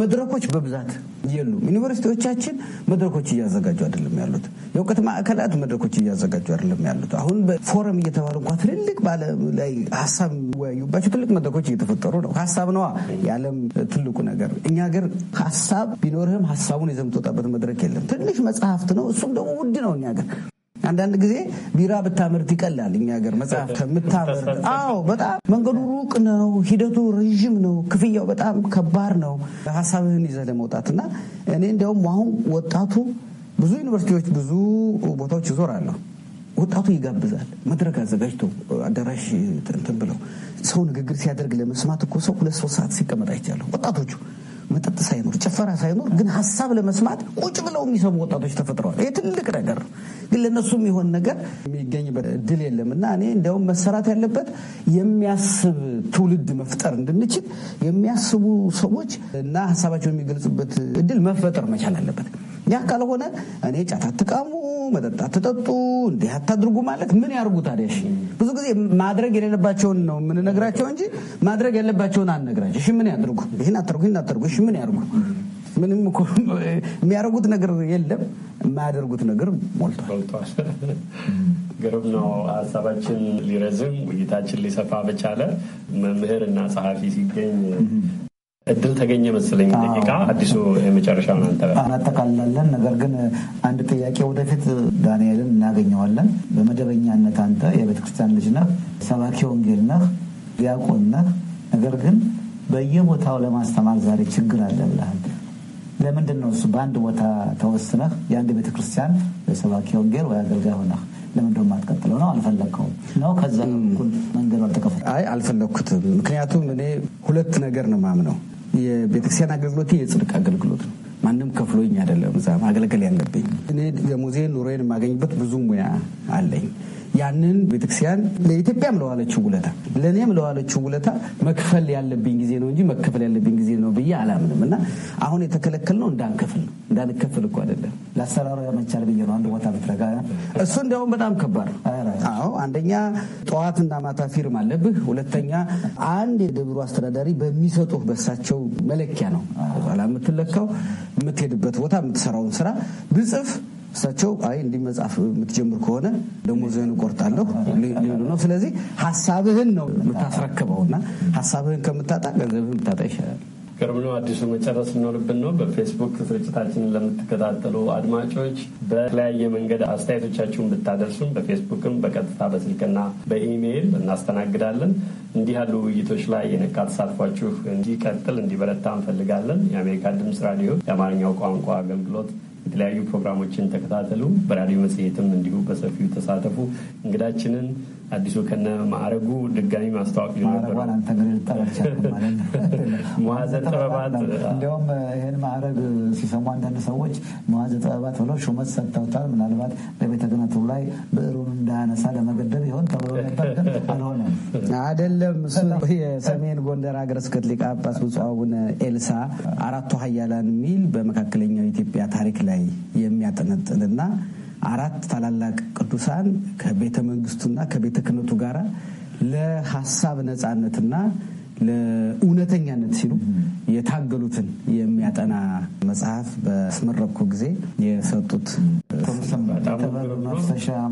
መድረኮች በብዛት የሉም። ዩኒቨርሲቲዎቻችን መድረኮች እያዘጋጁ አይደለም ያሉት። የእውቀት ማዕከላት መድረኮች እያዘጋጁ አይደለም ያሉት። አሁን በፎረም እየተባሉ እንኳ ትልልቅ በዓለም ላይ ሀሳብ የሚወያዩባቸው ትልቅ መድረኮች እየተፈጠሩ ነው። ሀሳብ ነዋ የዓለም ትልቁ ነገር። እኛ ሀገር ሀሳብ ቢኖርህም ሀሳቡን የዘምትወጣበት መድረክ የለም። ትንሽ መጽሐፍት ነው፣ እሱም ደግሞ ውድ ነው እኛ ሀገር አንዳንድ ጊዜ ቢራ ብታመርት ይቀላል። እኛ ሀገር መጽሐፍ ከምታመርት አዎ፣ በጣም መንገዱ ሩቅ ነው፣ ሂደቱ ረዥም ነው፣ ክፍያው በጣም ከባድ ነው። ሀሳብህን ይዘህ ለመውጣት እና እኔ እንዲያውም አሁን ወጣቱ ብዙ ዩኒቨርሲቲዎች፣ ብዙ ቦታዎች ይዞራለሁ። ወጣቱ ይጋብዛል። መድረክ አዘጋጅቶ አዳራሽ እንትን ብለው ሰው ንግግር ሲያደርግ ለመስማት እኮ ሰው ሁለት ሶስት ሰዓት ሲቀመጥ አይቻለሁ ወጣቶቹ መጠጥ ሳይኖር ጭፈራ ሳይኖር ግን ሀሳብ ለመስማት ቁጭ ብለው የሚሰሙ ወጣቶች ተፈጥረዋል። ይህ ትልቅ ነገር ግን ለእነሱም የሆን ነገር የሚገኝበት እድል የለም እና እኔ እንዲያውም መሰራት ያለበት የሚያስብ ትውልድ መፍጠር እንድንችል የሚያስቡ ሰዎች እና ሀሳባቸው የሚገልጽበት እድል መፈጠር መቻል አለበት። ያ ካልሆነ እኔ ጫት አትቃሙ፣ መጠጥ አትጠጡ፣ እንዲህ አታድርጉ ማለት ምን ያርጉ ታዲያ? እሺ ብዙ ጊዜ ማድረግ የሌለባቸውን ነው የምንነግራቸው እንጂ ማድረግ ያለባቸውን አንነግራቸው። እሺ ምን ያድርጉ? ይህን አታርጉ፣ ይህን አታርጉ፣ እሺ ምን ያርጉ? ምንም እኮ የሚያደርጉት ነገር የለም። የማያደርጉት ነገር ሞልቷል። ግሩም ነው። ሀሳባችን ሊረዝም ውይይታችን ሊሰፋ በቻለ መምህር እና ጸሐፊ ሲገኝ እድል ተገኘ መሰለኝ። ደቂቃ አዲሱ የመጨረሻውን አንተ አናጠቃላለን። ነገር ግን አንድ ጥያቄ ወደፊት ዳንኤልን እናገኘዋለን። በመደበኛነት አንተ የቤተክርስቲያን ልጅ ነህ፣ ሰባኪ ወንጌል ነህ፣ ዲያቆን ነህ። ነገር ግን በየቦታው ለማስተማር ዛሬ ችግር አለ ብለሃል። ለምንድን ነው እሱ በአንድ ቦታ ተወስነህ የአንድ ቤተክርስቲያን ሰባኪ ወንጌል ወይ አገልጋይ ሆነህ ለምንድን የማትቀጥለው ነው? አልፈለግከውም ነው? ከዛ መንገድ አልተከፈ አይ አልፈለግኩትም። ምክንያቱም እኔ ሁለት ነገር ነው ማምነው የቤተክርስቲያን አገልግሎት የጽድቅ አገልግሎት ነው። ማንም ከፍሎኝ አይደለም እዛ ማገልገል ያለብኝ። እኔ ደሞዜን ኑሮዬን የማገኝበት ብዙ ሙያ አለኝ። ያንን ቤተክርስቲያን ለኢትዮጵያም ለዋለችው ውለታ ለእኔም ለዋለችው ውለታ መክፈል ያለብኝ ጊዜ ነው እንጂ መከፈል ያለብኝ ጊዜ ነው ብዬ አላምንም እና አሁን የተከለከል ነው እንዳንከፍል ነው እንዳንከፍል እኮ አይደለም። ለአሰራሩ ያመቻል ብዬ ነው አንድ ቦታ ብትረጋ እሱ እንዲያውም በጣም ከባድ ነው። አንደኛ ጠዋትና ማታ ፊርም አለብህ። ሁለተኛ አንድ የደብሩ አስተዳዳሪ በሚሰጡህ በሳቸው መለኪያ ነው ኋላ የምትለካው የምትሄድበት ቦታ የምትሰራውን ስራ ብጽፍ እሳቸው አይ እንዲህ መጽሐፍ የምትጀምር ከሆነ ደሞዝህን እቆርጣለሁ ሊሉ ነው። ስለዚህ ሀሳብህን ነው የምታስረክበው እና ሀሳብህን ከምታጣ ገንዘብህን ብታጣ ይሻላል። ቅርብ ነው። አዲሱ መጨረስ ልብን ነው። በፌስቡክ ስርጭታችንን ለምትከታተሉ አድማጮች በተለያየ መንገድ አስተያየቶቻችሁን ብታደርሱን በፌስቡክም በቀጥታ በስልክና በኢሜይል እናስተናግዳለን። እንዲህ ያሉ ውይይቶች ላይ የነቃ ተሳትፏችሁ እንዲቀጥል እንዲበረታ እንፈልጋለን። የአሜሪካ ድምፅ ራዲዮ የአማርኛው ቋንቋ አገልግሎት የተለያዩ ፕሮግራሞችን ተከታተሉ። በራዲዮ መጽሔትም እንዲሁ በሰፊው ተሳተፉ። እንግዳችንን አዲሱ ከነ ማዕረጉ ድጋሚ ማስተዋወቅ ማዕረጓን አንተ እንግዲህ ልጠራቻ ጥበባት እንዲሁም ይህን ማዕረግ ሲሰሙ አንዳንድ ሰዎች መዋዘ ጥበባት ብለው ሹመት ሰጥተውታል። ምናልባት በቤተ ክህነቱ ላይ ብዕሩን እንዳያነሳ ለመገደብ ይሆን ተብሎ ነበር፣ ግን አልሆነም። አይደለም እሱ የሰሜን ጎንደር ሀገረ ስብከት ሊቀ ጳጳስ ብፁዕ አቡነ ኤልሳ አራቱ ኃያላን የሚል በመካከለኛው ኢትዮጵያ ታሪክ ላይ የሚያጠነጥንና አራት ታላላቅ ቅዱሳን ከቤተ መንግስቱና ከቤተ ክህነቱ ጋር ለሀሳብ ነፃነትና ለእውነተኛነት ሲሉ የታገሉትን የሚያጠና መጽሐፍ በስመረኩ ጊዜ የሰጡት መፈሻ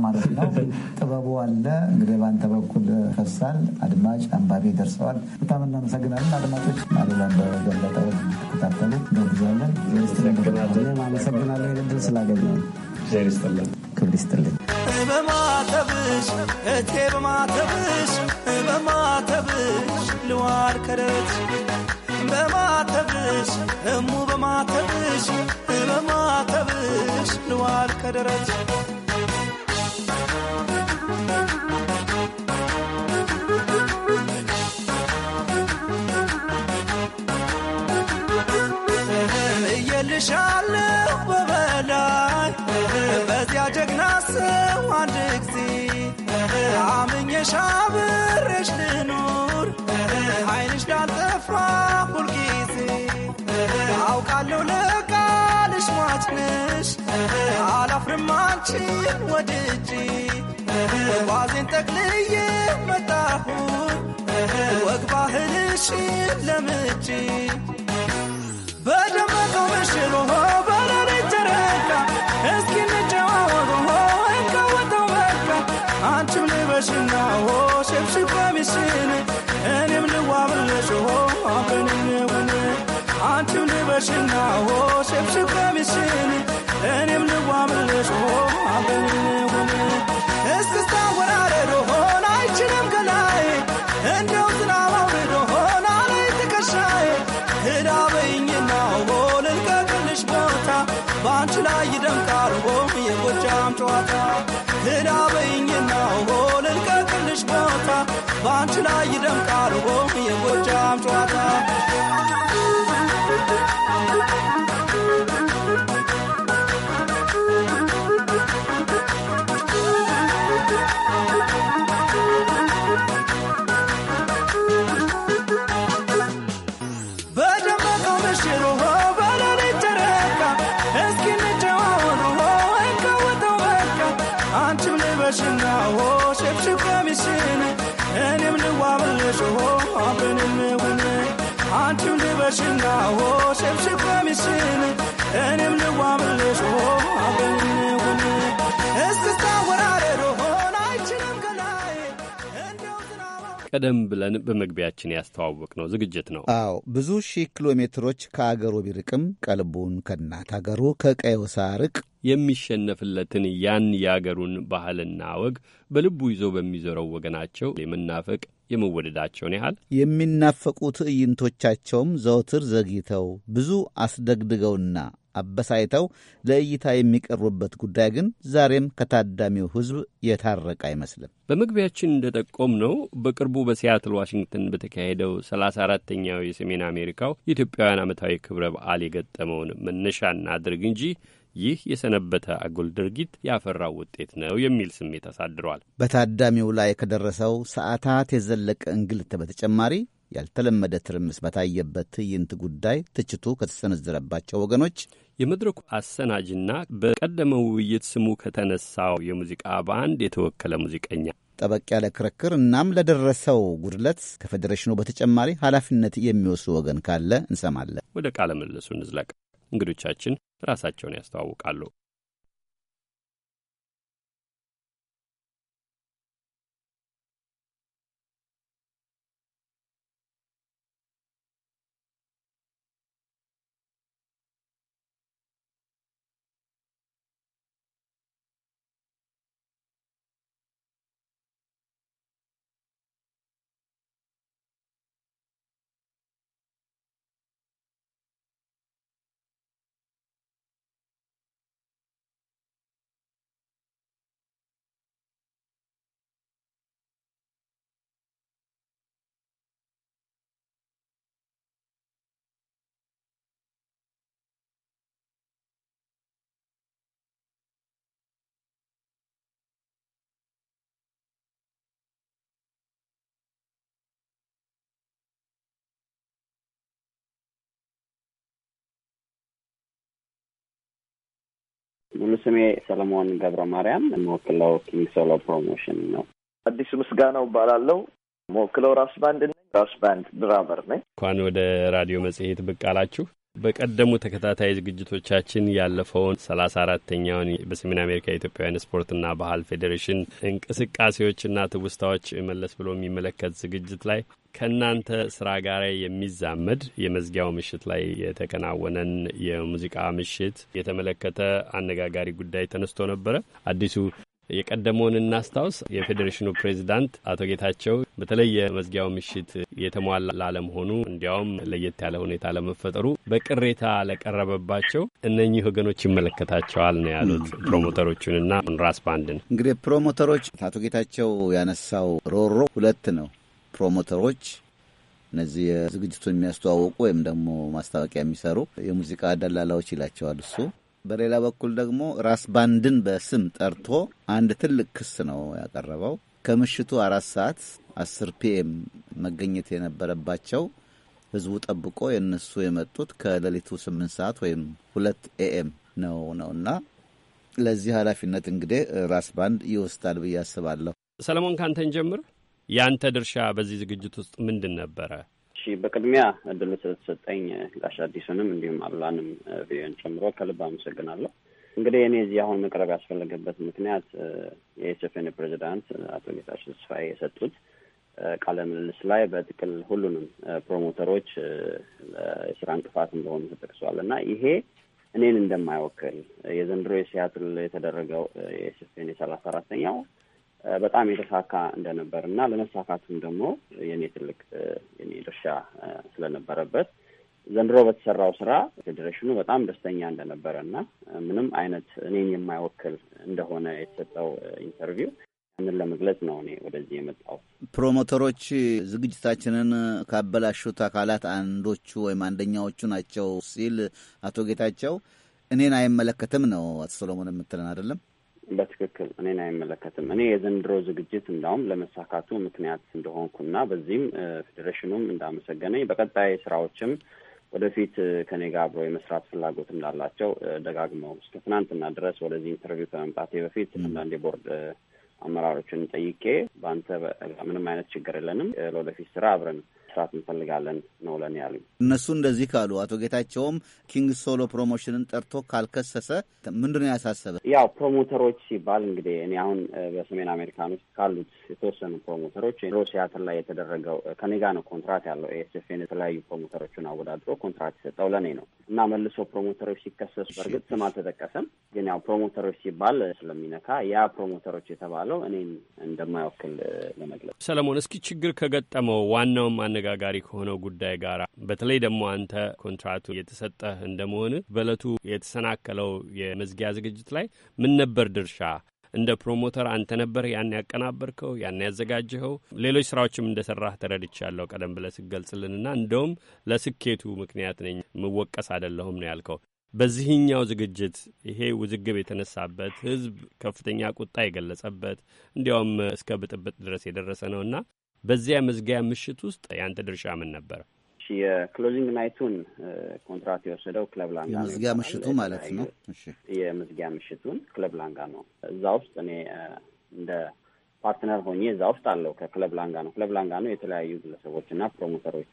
ማለት ነው። ጥበቡ አለ እንግዲህ በአንተ በኩል ፈሳል አድማጭ አንባቢ ደርሰዋል። በጣም እናመሰግናለን። አድማጮች አሉላን በገለጠው ተከታተሉ። ገብዛለን አመሰግናለሁ ድል ስላገኘ እግዚአብሔር ይስጥልን፣ ክብር ይስጥልን። በማተብሽ እቴ በማተብሽ በማተብሽ ልዋር ከደች በማተብሽ እሙ በማተብሽ በማተብሽ ልዋር ከደረች አብረሽ አብረሽ ልኖር አይንሽ ዳልጠፋ ሁልጊዜ አውቃለሁ ለቃልሽ ማችነሽ አላፍርም አንቺን ወድጄ ባዜን ጠቅልዬ መጣሁ ወግ ባህልሽን ለምጄ በደመቀው ምሽል ውሃ በረሬ መሽናዎ ሸብሽባ ሚስን እኔም ልዋብለሽ አብረን እንሁን አንቺም ልበሽናዎ ሸብሽባ ሚስን ቀደም ብለን በመግቢያችን ያስተዋወቅ ነው ዝግጅት ነው። አዎ ብዙ ሺህ ኪሎ ሜትሮች ከአገሩ ቢርቅም ቀልቡን ከእናት አገሩ ከቀዮ ሳርቅ የሚሸነፍለትን ያን የአገሩን ባህልና ወግ በልቡ ይዞ በሚዞረው ወገናቸው የመናፈቅ የመወደዳቸውን ያህል የሚናፈቁ ትዕይንቶቻቸውም ዘወትር ዘግይተው ብዙ አስደግድገውና አበሳይተው ለእይታ የሚቀርቡበት ጉዳይ ግን ዛሬም ከታዳሚው ሕዝብ የታረቀ አይመስልም። በመግቢያችን እንደጠቆም ነው በቅርቡ በሲያትል ዋሽንግተን በተካሄደው ሰላሳ አራተኛው የሰሜን አሜሪካው የኢትዮጵያውያን ዓመታዊ ክብረ በዓል የገጠመውን መነሻ እናድርግ እንጂ ይህ የሰነበተ አጉል ድርጊት ያፈራው ውጤት ነው የሚል ስሜት አሳድሯል። በታዳሚው ላይ ከደረሰው ሰዓታት የዘለቀ እንግልት በተጨማሪ ያልተለመደ ትርምስ በታየበት ትዕይንት ጉዳይ ትችቱ ከተሰነዘረባቸው ወገኖች የመድረኩ አሰናጅና በቀደመው ውይይት ስሙ ከተነሳው የሙዚቃ ባንድ የተወከለ ሙዚቀኛ ጠበቅ ያለ ክርክር እናም ለደረሰው ጉድለት ከፌዴሬሽኑ በተጨማሪ ኃላፊነት የሚወስዱ ወገን ካለ እንሰማለን። ወደ ቃለ ምልልሱ እንዝለቅ። እንግዶቻችን ራሳቸውን ያስተዋውቃሉ። ሙሉ ስሜ ሰለሞን ገብረ ማርያም የምወክለው ኪንግ ሶሎ ፕሮሞሽን ነው። አዲሱ ምስጋናው እባላለሁ። የምወክለው ራስ ባንድ ነኝ። ራስ ባንድ ድራመር ነኝ። እንኳን ወደ ራዲዮ መጽሔት ብቅ አላችሁ። በቀደሙ ተከታታይ ዝግጅቶቻችን ያለፈውን ሰላሳ አራተኛውን በሰሜን አሜሪካ የኢትዮጵያውያን ስፖርትና ባህል ፌዴሬሽን እንቅስቃሴዎችና ትውስታዎች መለስ ብሎ የሚመለከት ዝግጅት ላይ ከእናንተ ስራ ጋር የሚዛመድ የመዝጊያው ምሽት ላይ የተከናወነን የሙዚቃ ምሽት የተመለከተ አነጋጋሪ ጉዳይ ተነስቶ ነበረ። አዲሱ የቀደመውን እናስታውስ። የፌዴሬሽኑ ፕሬዚዳንት አቶ ጌታቸው በተለይ የመዝጊያው ምሽት የተሟላ ላለመሆኑ እንዲያውም ለየት ያለ ሁኔታ ለመፈጠሩ በቅሬታ ለቀረበባቸው እነኚህ ወገኖች ይመለከታቸዋል ነው ያሉት። ፕሮሞተሮቹንና ራስ ባንድን እንግዲህ ፕሮሞተሮች አቶ ጌታቸው ያነሳው ሮሮ ሁለት ነው። ፕሮሞተሮች፣ እነዚህ የዝግጅቱን የሚያስተዋውቁ ወይም ደግሞ ማስታወቂያ የሚሰሩ የሙዚቃ ደላላዎች ይላቸዋል እሱ። በሌላ በኩል ደግሞ ራስ ባንድን በስም ጠርቶ አንድ ትልቅ ክስ ነው ያቀረበው። ከምሽቱ አራት ሰዓት አስር ፒኤም መገኘት የነበረባቸው ህዝቡ ጠብቆ የእነሱ የመጡት ከሌሊቱ ስምንት ሰዓት ወይም ሁለት ኤኤም ነው ነው እና ለዚህ ኃላፊነት እንግዲህ ራስ ባንድ ይወስዳል ብዬ አስባለሁ። ሰለሞን ካንተን ጀምር። ያንተ ድርሻ በዚህ ዝግጅት ውስጥ ምንድን ነበረ? እሺ፣ በቅድሚያ እድሉ ስለተሰጠኝ ጋሽ አዲሱንም እንዲሁም አሉላንም ቪዲዮን ጨምሮ ከልብ አመሰግናለሁ። እንግዲህ እኔ እዚህ አሁን መቅረብ ያስፈለገበት ምክንያት የኤስፍን ፕሬዚዳንት አቶ ጌታቸው ተስፋዬ የሰጡት ቃለ ምልልስ ላይ በጥቅል ሁሉንም ፕሮሞተሮች የስራ እንቅፋት እንደሆኑ ተጠቅሷል እና ይሄ እኔን እንደማይወክል የዘንድሮ የሲያትል የተደረገው የኤስፍን የሰላሳ አራተኛው በጣም የተሳካ እንደነበር እና ለመሳካቱም ደግሞ የኔ ትልቅ የኔ ድርሻ ስለነበረበት ዘንድሮ በተሰራው ስራ ፌዴሬሽኑ በጣም ደስተኛ እንደነበረ እና ምንም አይነት እኔን የማይወክል እንደሆነ የተሰጠው ኢንተርቪው ምን ለመግለጽ ነው እኔ ወደዚህ የመጣው። ፕሮሞተሮች ዝግጅታችንን ካበላሹት አካላት አንዶቹ ወይም አንደኛዎቹ ናቸው ሲል አቶ ጌታቸው እኔን አይመለከትም ነው አቶ ሶሎሞን የምትለን አይደለም? በትክክል እኔን አይመለከትም። እኔ የዘንድሮ ዝግጅት እንዳውም ለመሳካቱ ምክንያት እንደሆንኩና በዚህም ፌዴሬሽኑም እንዳመሰገነኝ በቀጣይ ስራዎችም ወደፊት ከኔ ጋር አብሮ የመስራት ፍላጎት እንዳላቸው ደጋግመው እስከ ትናንትና ድረስ ወደዚህ ኢንተርቪው ከመምጣቴ በፊት አንዳንድ የቦርድ አመራሮችን ጠይቄ በአንተ ምንም አይነት ችግር የለንም፣ ለወደፊት ስራ አብረን መስራት እንፈልጋለን ነው ለን ያሉ እነሱ እንደዚህ ካሉ አቶ ጌታቸውም ኪንግ ሶሎ ፕሮሞሽንን ጠርቶ ካልከሰሰ ምንድነው ያሳሰበ? ያው ፕሮሞተሮች ሲባል እንግዲህ እኔ አሁን በሰሜን አሜሪካን ውስጥ ካሉት የተወሰኑ ፕሮሞተሮች ሮሲያትን ላይ የተደረገው ከኔ ጋ ነው ኮንትራት ያለው ኤስፍን የተለያዩ ፕሮሞተሮችን አወዳድሮ ኮንትራት የሰጠው ለእኔ ነው። እና መልሶ ፕሮሞተሮች ሲከሰሱ በእርግጥ ስም አልተጠቀሰም፣ ግን ያው ፕሮሞተሮች ሲባል ስለሚነካ ያ ፕሮሞተሮች የተባለው እኔን እንደማይወክል ለመግለጽ። ሰለሞን፣ እስኪ ችግር ከገጠመው ዋናውም አነጋጋሪ ከሆነው ጉዳይ ጋር በተለይ ደግሞ አንተ ኮንትራቱ የተሰጠህ እንደመሆን በእለቱ የተሰናከለው የመዝጊያ ዝግጅት ላይ ምን ነበር ድርሻ እንደ ፕሮሞተር አንተ ነበር ያን ያቀናበርከው ያን ያዘጋጀኸው፣ ሌሎች ስራዎችም እንደ ሰራህ ተረድቻለሁ። ቀደም ብለህ ስገልጽልንና እንደውም ለስኬቱ ምክንያት ነኝ ምወቀስ አይደለሁም ነው ያልከው። በዚህኛው ዝግጅት ይሄ ውዝግብ የተነሳበት ህዝብ ከፍተኛ ቁጣ የገለጸበት እንዲያውም እስከ ብጥብጥ ድረስ የደረሰ ነውና በዚያ መዝጊያ ምሽት ውስጥ ያንተ ድርሻ ምን ነበር? የክሎዚንግ ናይቱን ኮንትራት የወሰደው ክለብ ላንጋ ነው። ምሽቱ ማለት ነው። የምዝጊያ ምሽቱን ክለብ ላንጋ ነው። እዛ ውስጥ እኔ እንደ ፓርትነር ሆኜ እዛ ውስጥ አለው ከክለብ ላንጋ ነው። ክለብ ላንጋ ነው የተለያዩ ግለሰቦች እና ፕሮሞተሮች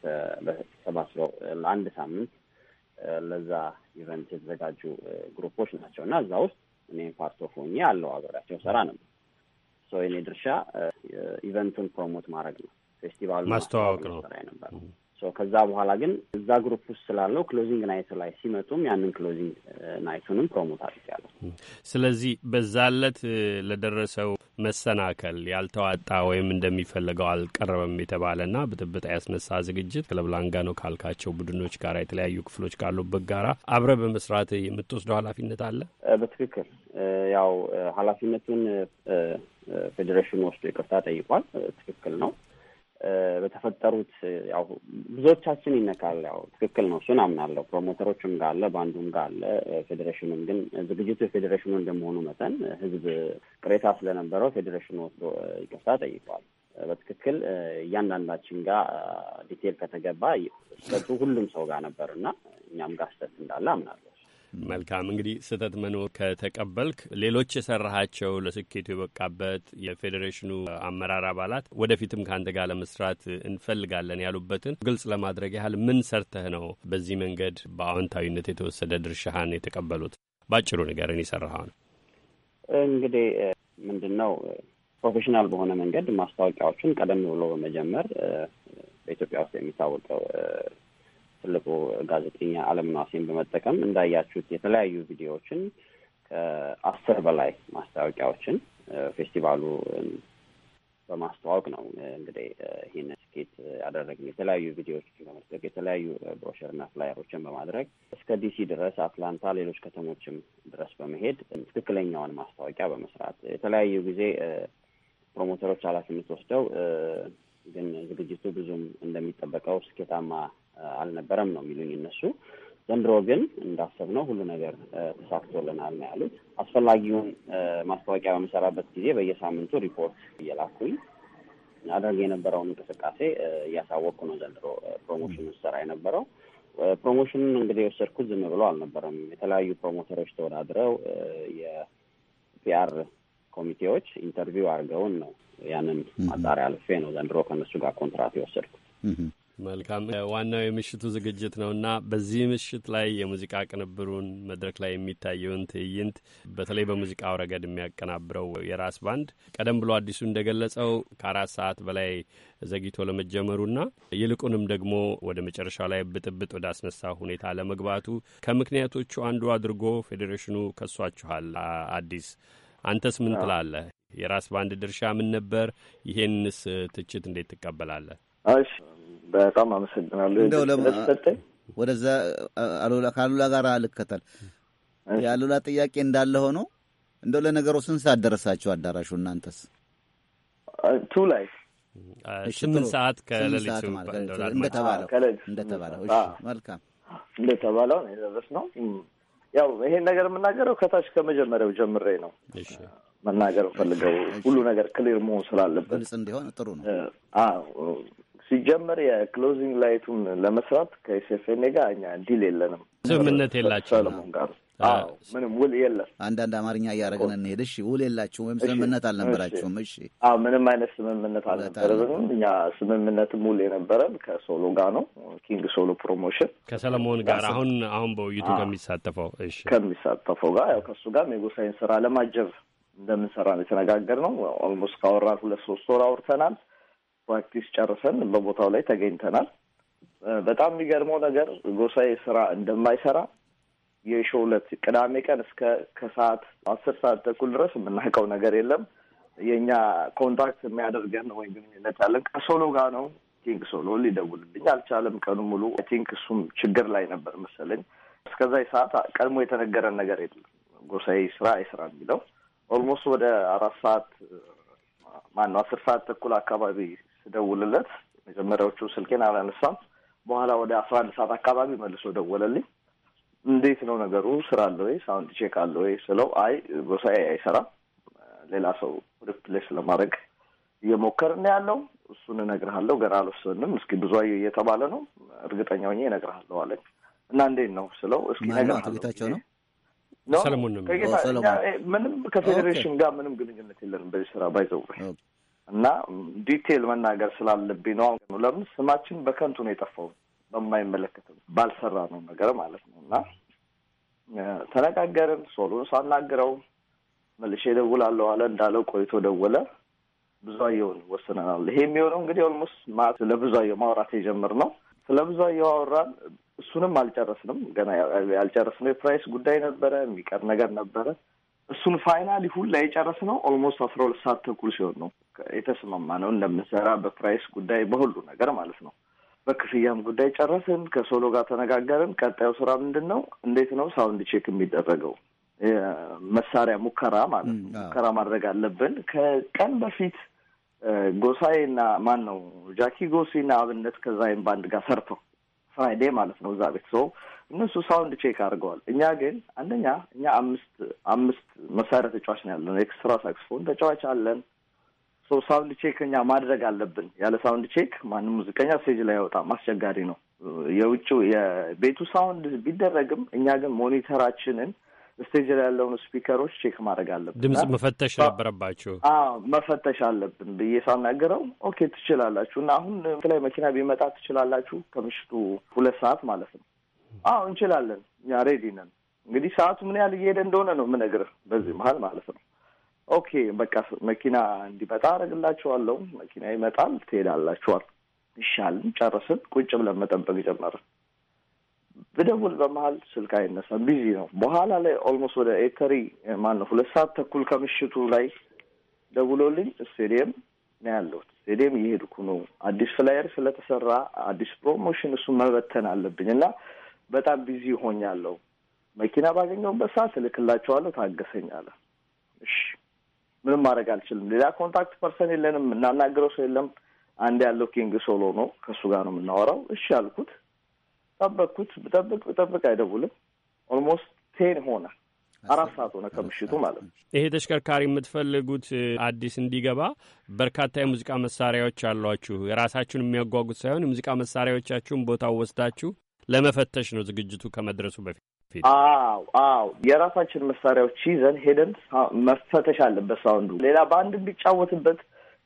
ተሰባስበው ለአንድ ሳምንት ለዛ ኢቨንት የተዘጋጁ ግሩፖች ናቸው እና እዛ ውስጥ እኔ ፓርቶ ኦፍ ሆኜ አለው አብሬያቸው ሰራ ሰው የኔ ድርሻ ኢቨንቱን ፕሮሞት ማድረግ ነው። ፌስቲቫሉ ማስተዋወቅ ነው ነበር ከዛ በኋላ ግን እዛ ግሩፕ ውስጥ ስላለው ክሎዚንግ ናይት ላይ ሲመጡም ያንን ክሎዚንግ ናይቱንም ፕሮሞት አድርጊያለሁ። ስለዚህ በዛለት ለደረሰው መሰናከል ያልተዋጣ ወይም እንደሚፈለገው አልቀረበም የተባለና ብጥብጥ ያስነሳ ዝግጅት ክለብ ላንጋኖ ካልካቸው ቡድኖች ጋር የተለያዩ ክፍሎች ካሉበት ጋራ አብረ በመስራት የምትወስደው ኃላፊነት አለ። በትክክል ያው ኃላፊነቱን ፌዴሬሽኑ ወስዶ ይቅርታ ጠይቋል። ትክክል ነው። በተፈጠሩት ያው ብዙዎቻችን ይነካል። ያው ትክክል ነው፣ እሱን አምናለሁ። ፕሮሞተሮችም ጋር አለ፣ ባንዱም ጋር አለ፣ ፌዴሬሽኑም ግን ዝግጅቱ የፌዴሬሽኑ እንደመሆኑ መጠን ህዝብ ቅሬታ ስለነበረው ፌዴሬሽኑ ወስዶ ይቅርታ ጠይቋል። በትክክል እያንዳንዳችን ጋር ዲቴል ከተገባ ሁሉም ሰው ጋር ነበር እና እኛም ጋር ስህተት እንዳለ አምናለሁ። መልካም እንግዲህ ስህተት መኖር ከተቀበልክ ሌሎች የሰራሃቸው ለስኬቱ የበቃበት የፌዴሬሽኑ አመራር አባላት ወደፊትም ከአንተ ጋር ለመስራት እንፈልጋለን ያሉበትን ግልጽ ለማድረግ ያህል ምን ሰርተህ ነው በዚህ መንገድ በአዎንታዊነት የተወሰደ ድርሻህን የተቀበሉት? ባጭሩ ንገረን። የሰራኸው ነው እንግዲህ ምንድን ነው ፕሮፌሽናል በሆነ መንገድ ማስታወቂያዎችን ቀደም ብሎ በመጀመር በኢትዮጵያ ውስጥ የሚታወቀው ትልቁ ጋዜጠኛ አለምናሴን በመጠቀም እንዳያችሁት የተለያዩ ቪዲዮዎችን ከአስር በላይ ማስታወቂያዎችን ፌስቲቫሉ በማስተዋወቅ ነው እንግዲህ ይህን ስኬት ያደረግን። የተለያዩ ቪዲዮዎችን በመስጠቅ የተለያዩ ብሮሸርና ፍላየሮችን በማድረግ እስከ ዲሲ ድረስ አትላንታ፣ ሌሎች ከተሞችም ድረስ በመሄድ ትክክለኛውን ማስታወቂያ በመስራት የተለያዩ ጊዜ ፕሮሞተሮች ኃላፊነት ወስደው ግን ዝግጅቱ ብዙም እንደሚጠበቀው ስኬታማ አልነበረም ነው የሚሉኝ እነሱ። ዘንድሮ ግን እንዳሰብነው ሁሉ ነገር ተሳክቶልናል ነው ያሉት። አስፈላጊውን ማስታወቂያ በምሰራበት ጊዜ በየሳምንቱ ሪፖርት እየላኩኝ አደርግ የነበረውን እንቅስቃሴ እያሳወቅኩ ነው ዘንድሮ ፕሮሞሽን ስራ የነበረው። ፕሮሞሽኑን እንግዲህ የወሰድኩት ዝም ብሎ አልነበረም። የተለያዩ ፕሮሞተሮች ተወዳድረው የፒአር ኮሚቴዎች ኢንተርቪው አድርገውን ነው ያንን ማጣሪያ አልፌ ነው ዘንድሮ ከነሱ ጋር ኮንትራት የወሰድኩት። መልካም ዋናው የምሽቱ ዝግጅት ነውና በዚህ ምሽት ላይ የሙዚቃ ቅንብሩን መድረክ ላይ የሚታየውን ትዕይንት በተለይ በሙዚቃው ረገድ የሚያቀናብረው የራስ ባንድ ቀደም ብሎ አዲሱ እንደገለጸው ከአራት ሰዓት በላይ ዘግይቶ ለመጀመሩና ይልቁንም ደግሞ ወደ መጨረሻው ላይ ብጥብጥ ወደ አስነሳ ሁኔታ ለመግባቱ ከምክንያቶቹ አንዱ አድርጎ ፌዴሬሽኑ ከሷችኋል። አዲስ አንተስ ምን ትላለህ? የራስ ባንድ ድርሻ ምን ነበር? ይሄንስ ትችት እንዴት ትቀበላለህ? እሺ በጣም አመሰግናለሁ። ወደዛ ከአሉላ ጋር አልከተል የአሉላ ጥያቄ እንዳለ ሆኖ እንደው ለነገሩ ስንት ሰዓት ደረሳችሁ አዳራሹ? እናንተስ ቱ ላይ ስምንት ሰዓት ከሌሊቱ እንደተባለው እንደተባለው መልካም እንደተባለው ነው የደረስነው። ያው ይሄን ነገር የምናገረው ከታች ከመጀመሪያው ጀምሬ ነው መናገር ፈልገው ሁሉ ነገር ክሊር መሆን ስላለበት እንዲሆን ጥሩ ነው። ሲጀመር የክሎዚንግ ላይቱን ለመስራት ከኤስኤፍኔ ጋር እኛ ዲል የለንም፣ ስምምነት የላቸው ሰለሞን ጋር ምንም ውል የለም። አንዳንድ አማርኛ እያደረግን እንሄድ። እሺ ውል የላችሁም ወይም ስምምነት አልነበራችሁም? እሺ አዎ፣ ምንም አይነት ስምምነት አልነበረንም። እኛ ስምምነትም ውል የነበረን ከሶሎ ጋር ነው፣ ኪንግ ሶሎ ፕሮሞሽን ከሰለሞን ጋር አሁን አሁን በውይይቱ ከሚሳተፈው እሺ ከሚሳተፈው ጋር ያው ከእሱ ጋር ሜጎሳይን ስራ ለማጀብ እንደምንሰራ ነው የተነጋገርነው። ኦልሞስት ካወራን ሁለት ሶስት ወር አውርተናል። ፕራክቲስ ጨርሰን በቦታው ላይ ተገኝተናል። በጣም የሚገርመው ነገር ጎሳዬ ስራ እንደማይሰራ የሾው ዕለት ቅዳሜ ቀን እስከ ከሰዓት አስር ሰዓት ተኩል ድረስ የምናውቀው ነገር የለም። የእኛ ኮንታክት የሚያደርገን ወይ ግንኙነት ያለን ከሶሎ ጋር ነው። ቲንክ ሶሎ ሊደውልብኝ አልቻለም ቀኑ ሙሉ። ቲንክ እሱም ችግር ላይ ነበር መሰለኝ። እስከዛ ሰዓት ቀድሞ የተነገረን ነገር የለም። ጎሳዬ ስራ አይስራ የሚለው ኦልሞስት ወደ አራት ሰዓት ማነው አስር ሰዓት ተኩል አካባቢ ስደውልለት መጀመሪያዎቹ ስልኬን አላነሳም። በኋላ ወደ አስራ አንድ ሰዓት አካባቢ መልሶ ደወለልኝ። እንዴት ነው ነገሩ? ስራ አለ ወይ? ሳውንድ ቼክ አለ ወይ ስለው አይ ቦሳዬ አይሰራም፣ ሌላ ሰው ሪፕሌስ ለማድረግ እየሞከርን ያለው እሱን እነግርሃለሁ፣ ገና አልወሰንም፣ እስኪ ብዙ አየሁ እየተባለ ነው፣ እርግጠኛ ሆኜ እነግርሃለሁ አለኝ እና እንዴት ነው ስለው እስኪ እነግርሃለሁ ቤታቸው ነው ምንም ከፌዴሬሽን ጋር ምንም ግንኙነት የለንም በዚህ ስራ ባይዘው እና ዲቴል መናገር ስላለብኝ ነው። ለምን ስማችን በከንቱ ነው የጠፋው? በማይመለከትም ባልሰራ ነው ነገር ማለት ነው። እና ተነጋገርን። ሶሉን ሳናግረው መልሼ እደውላለሁ አለ። እንዳለው ቆይቶ ደወለ። ብዙአየሁን ወስነናል። ይሄ የሚሆነው እንግዲህ ኦልሞስት ማለት ለብዙአየሁ ማውራት የጀመርነው ስለ ብዙአየሁ አወራን። እሱንም አልጨረስንም። ገና ያልጨረስነው የፕራይስ ጉዳይ ነበረ፣ የሚቀር ነገር ነበረ። እሱን ፋይናሊ ሁላ የጨረስነው ኦልሞስት አስራ ሁለት ሰዓት ተኩል ሲሆን ነው። የተስማማ ነው እንደምንሰራ በፕራይስ ጉዳይ በሁሉ ነገር ማለት ነው። በክፍያም ጉዳይ ጨረስን። ከሶሎ ጋር ተነጋገርን። ቀጣዩ ስራ ምንድን ነው? እንዴት ነው ሳውንድ ቼክ የሚደረገው? መሳሪያ ሙከራ ማለት ነው። ሙከራ ማድረግ አለብን። ከቀን በፊት ጎሳዬና ማን ነው ጃኪ ጎሲና አብነት ከዛይን ባንድ ጋር ሰርተው ፍራይዴ ማለት ነው እዛ ቤት ሰው እነሱ ሳውንድ ቼክ አድርገዋል። እኛ ግን አንደኛ እኛ አምስት አምስት መሳሪያ ተጫዋች ነው ያለን። ኤክስትራ ሳክስፎን ተጫዋች አለን። ሰው ሳውንድ ቼክ እኛ ማድረግ አለብን። ያለ ሳውንድ ቼክ ማንም ሙዚቀኛ ስቴጅ ላይ አይወጣም። አስቸጋሪ ነው። የውጭው የቤቱ ሳውንድ ቢደረግም እኛ ግን ሞኒተራችንን ስቴጅ ላይ ያለውን ስፒከሮች ቼክ ማድረግ አለብን። ድምፅ መፈተሽ ነበረባችሁ? መፈተሽ አለብን ብዬ ሳናገረው ኦኬ ትችላላችሁ እና አሁን ላይ መኪና ቢመጣ ትችላላችሁ ከምሽቱ ሁለት ሰዓት ማለት ነው። አዎ እንችላለን፣ እኛ ሬዲ ነን። እንግዲህ ሰዓቱ ምን ያህል እየሄደ እንደሆነ ነው የምነግርህ በዚህ መሀል ማለት ነው። ኦኬ በቃ መኪና እንዲመጣ አደርግላችኋለሁ። መኪና ይመጣል፣ ትሄዳላችኋል። ይሻልን ጨርስን፣ ቁጭ ብለን መጠበቅ ጀመርን። ብደውል በመሀል ስልክ አይነሳም፣ ቢዚ ነው። በኋላ ላይ ኦልሞስት ወደ ኤተሪ ማን ነው ሁለት ሰዓት ተኩል ከምሽቱ ላይ ደውሎልኝ ስቴዲየም ነው ያለሁት፣ ስቴዲየም እየሄድኩ ነው፣ አዲስ ፍላየር ስለተሰራ አዲስ ፕሮሞሽን እሱ መበተን አለብኝ እና በጣም ቢዚ ሆኛለሁ። መኪና ባገኘሁበት ሰዓት እልክላቸዋለሁ፣ ታገሰኝ አለ። እሺ ምንም ማድረግ አልችልም። ሌላ ኮንታክት ፐርሰን የለንም፣ እናናገረው ሰው የለም። አንድ ያለው ኪንግ ሶሎ ነው፣ ከእሱ ጋር ነው የምናወራው። እሺ አልኩት፣ ጠበቅኩት። ብጠብቅ ብጠብቅ አይደውልም። ኦልሞስት ቴን ሆነ፣ አራት ሰዓት ሆነ ከምሽቱ ማለት ነው። ይሄ ተሽከርካሪ የምትፈልጉት አዲስ እንዲገባ በርካታ የሙዚቃ መሳሪያዎች አሏችሁ። የራሳችሁን የሚያጓጉት ሳይሆን የሙዚቃ መሳሪያዎቻችሁን ቦታው ወስዳችሁ ለመፈተሽ ነው ዝግጅቱ ከመድረሱ በፊት አዎ አዎ የራሳችን መሳሪያዎች ይዘን ሄደን መፈተሽ አለበት ሳውንዱ ሌላ በአንድ ቢጫወትበት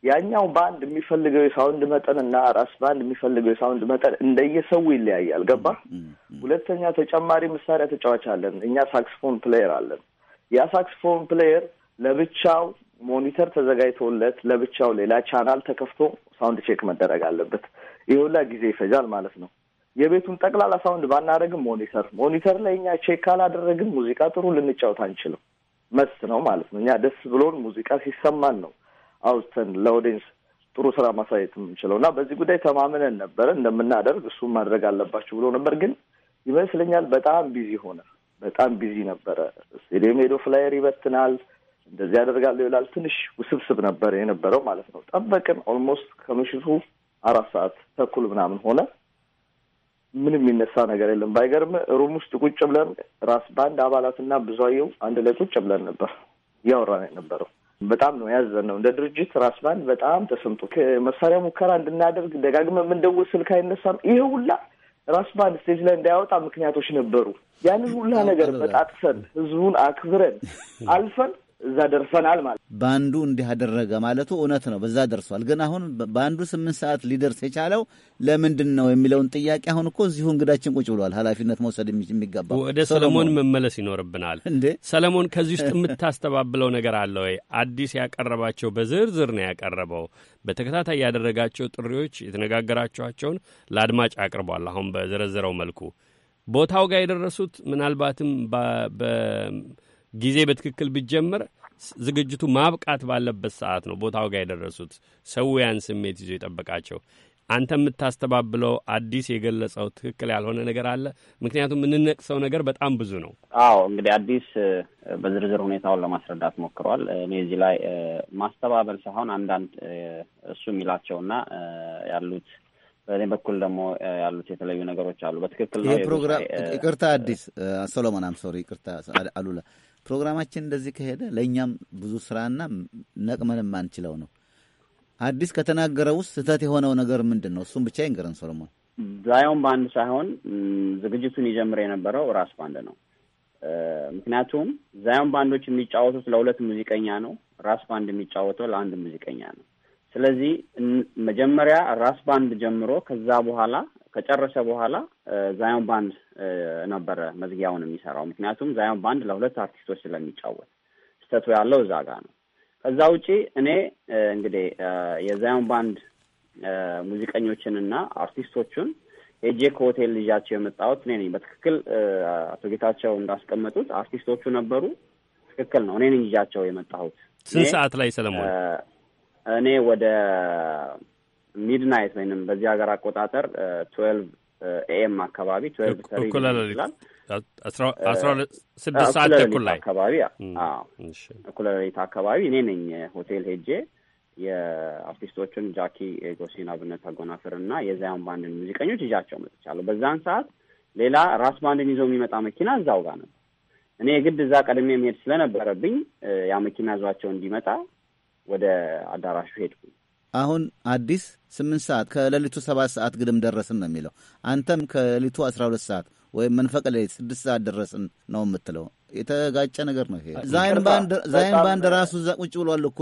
ያኛው በአንድ የሚፈልገው የሳውንድ መጠን እና ራስ በአንድ የሚፈልገው የሳውንድ መጠን እንደየሰው ይለያያል። ገባ? ሁለተኛ ተጨማሪ መሳሪያ ተጫዋች አለን። እኛ ሳክስፎን ፕሌየር አለን። ያ ሳክስፎን ፕሌየር ለብቻው ሞኒተር ተዘጋጅቶለት ለብቻው ሌላ ቻናል ተከፍቶ ሳውንድ ቼክ መደረግ አለበት። ይህ ሁላ ጊዜ ይፈጃል ማለት ነው። የቤቱን ጠቅላላ ሳውንድ ባናደረግም ሞኒተር ሞኒተር ላይ እኛ ቼክ ካላደረግን ሙዚቃ ጥሩ ልንጫወት አንችልም። መስ ነው ማለት ነው። እኛ ደስ ብሎን ሙዚቃ ሲሰማን ነው አውስተን ለኦዲየንስ ጥሩ ስራ ማሳየት የምንችለው እና በዚህ ጉዳይ ተማምነን ነበረ እንደምናደርግ እሱም ማድረግ አለባቸው ብሎ ነበር። ግን ይመስለኛል በጣም ቢዚ ሆነ። በጣም ቢዚ ነበረ። ስቴዲየም ሄዶ ፍላየር ይበትናል፣ እንደዚህ ያደርጋል ይላል። ትንሽ ውስብስብ ነበር የነበረው ማለት ነው። ጠበቅን። ኦልሞስት ከምሽቱ አራት ሰዓት ተኩል ምናምን ሆነ። ምንም የሚነሳ ነገር የለም። ባይገርም ሩም ውስጥ ቁጭ ብለን ራስ ባንድ አባላትና ብዙየው አንድ ላይ ቁጭ ብለን ነበር እያወራን የነበረው። በጣም ነው ያዘን ነው እንደ ድርጅት ራስ ባንድ በጣም ተሰምቶ መሳሪያ ሙከራ እንድናደርግ ደጋግመ የምንደውል ስልክ አይነሳም። ይሄ ሁላ ራስ ባንድ ስቴጅ ላይ እንዳያወጣ ምክንያቶች ነበሩ። ያንን ሁላ ነገር በጣጥሰን ህዝቡን አክብረን አልፈን እዛ ደርሰናል ማለት በአንዱ እንዲህ አደረገ ማለቱ እውነት ነው። በዛ ደርሷል። ግን አሁን በአንዱ ስምንት ሰዓት ሊደርስ የቻለው ለምንድን ነው የሚለውን ጥያቄ አሁን እኮ እዚሁ እንግዳችን ቁጭ ብሏል። ኃላፊነት መውሰድ የሚገባ ወደ ሰለሞን መመለስ ይኖርብናል። እንዴ ሰለሞን፣ ከዚህ ውስጥ የምታስተባብለው ነገር አለ ወይ? አዲስ ያቀረባቸው በዝርዝር ነው ያቀረበው። በተከታታይ ያደረጋቸው ጥሪዎች የተነጋገራቸኋቸውን ለአድማጭ አቅርቧል። አሁን በዘረዘረው መልኩ ቦታው ጋር የደረሱት ምናልባትም ጊዜ በትክክል ቢጀምር ዝግጅቱ ማብቃት ባለበት ሰዓት ነው ቦታው ጋር የደረሱት ሰው ያን ስሜት ይዞ የጠበቃቸው። አንተ የምታስተባብለው አዲስ የገለጸው ትክክል ያልሆነ ነገር አለ? ምክንያቱም የምንነቅሰው ነገር በጣም ብዙ ነው። አዎ እንግዲህ አዲስ በዝርዝር ሁኔታውን ለማስረዳት ሞክሯል። እኔ እዚህ ላይ ማስተባበል ሳይሆን አንዳንድ እሱ የሚላቸውና ያሉት በእኔ በኩል ደግሞ ያሉት የተለያዩ ነገሮች አሉ። በትክክል ነው ይህ ፕሮግራም። ይቅርታ አዲስ ሶሎሞን አም ሶሪ ይቅርታ አሉላ ፕሮግራማችን እንደዚህ ከሄደ ለእኛም ብዙ ስራና ነቅመን የማንችለው ነው። አዲስ ከተናገረ ውስጥ ስህተት የሆነው ነገር ምንድን ነው? እሱም ብቻ ይንገረን ሶሎሞን። ዛዮን ባንድ ሳይሆን ዝግጅቱን ይጀምር የነበረው ራስ ባንድ ነው። ምክንያቱም ዛዮን ባንዶች የሚጫወቱት ለሁለት ሙዚቀኛ ነው። ራስ ባንድ የሚጫወተው ለአንድ ሙዚቀኛ ነው። ስለዚህ መጀመሪያ ራስ ባንድ ጀምሮ ከዛ በኋላ ከጨረሰ በኋላ ዛዮን ባንድ ነበረ መዝጊያውን የሚሰራው። ምክንያቱም ዛዮን ባንድ ለሁለት አርቲስቶች ስለሚጫወት ስተቱ ያለው እዛ ጋር ነው። ከዛ ውጪ እኔ እንግዲህ የዛዮን ባንድ ሙዚቀኞችንና አርቲስቶቹን ሄጄ ከሆቴል ልጃቸው የመጣሁት እኔ ነኝ። በትክክል አቶ ጌታቸው እንዳስቀመጡት አርቲስቶቹ ነበሩ። ትክክል ነው። እኔ ነኝ ይዣቸው የመጣሁት። ስንት ሰዓት ላይ ሰለሞን? እኔ ወደ ሚድናይት ወይንም በዚህ ሀገር አቆጣጠር ትዌልቭ ኤኤም አካባቢ ትዌልቭ ተሪ አካባቢ እኩለ ሌሊት አካባቢ እኔ ነኝ ሆቴል ሄጄ የአርቲስቶቹን ጃኪ ጎሲን አብነት አጎናፍር እና የዛያን ባንድን ሙዚቀኞች ይዣቸው መጥቻለሁ። በዛን ሰዓት ሌላ ራስ ባንድን ይዞ የሚመጣ መኪና እዛው ጋር ነበር። እኔ የግድ እዛ ቀድሜ መሄድ ስለነበረብኝ ያ መኪና ይዟቸው እንዲመጣ ወደ አዳራሹ ሄድኩኝ። አሁን አዲስ ስምንት ሰዓት ከሌሊቱ ሰባት ሰዓት ግድም ደረስን ነው የሚለው። አንተም ከሌሊቱ አስራ ሁለት ሰዓት ወይም መንፈቀ ሌሊት ስድስት ሰዓት ደረስን ነው የምትለው። የተጋጨ ነገር ነው ይሄ። ዛይን ባንድ ራሱ እዛ ቁጭ ብሏል እኮ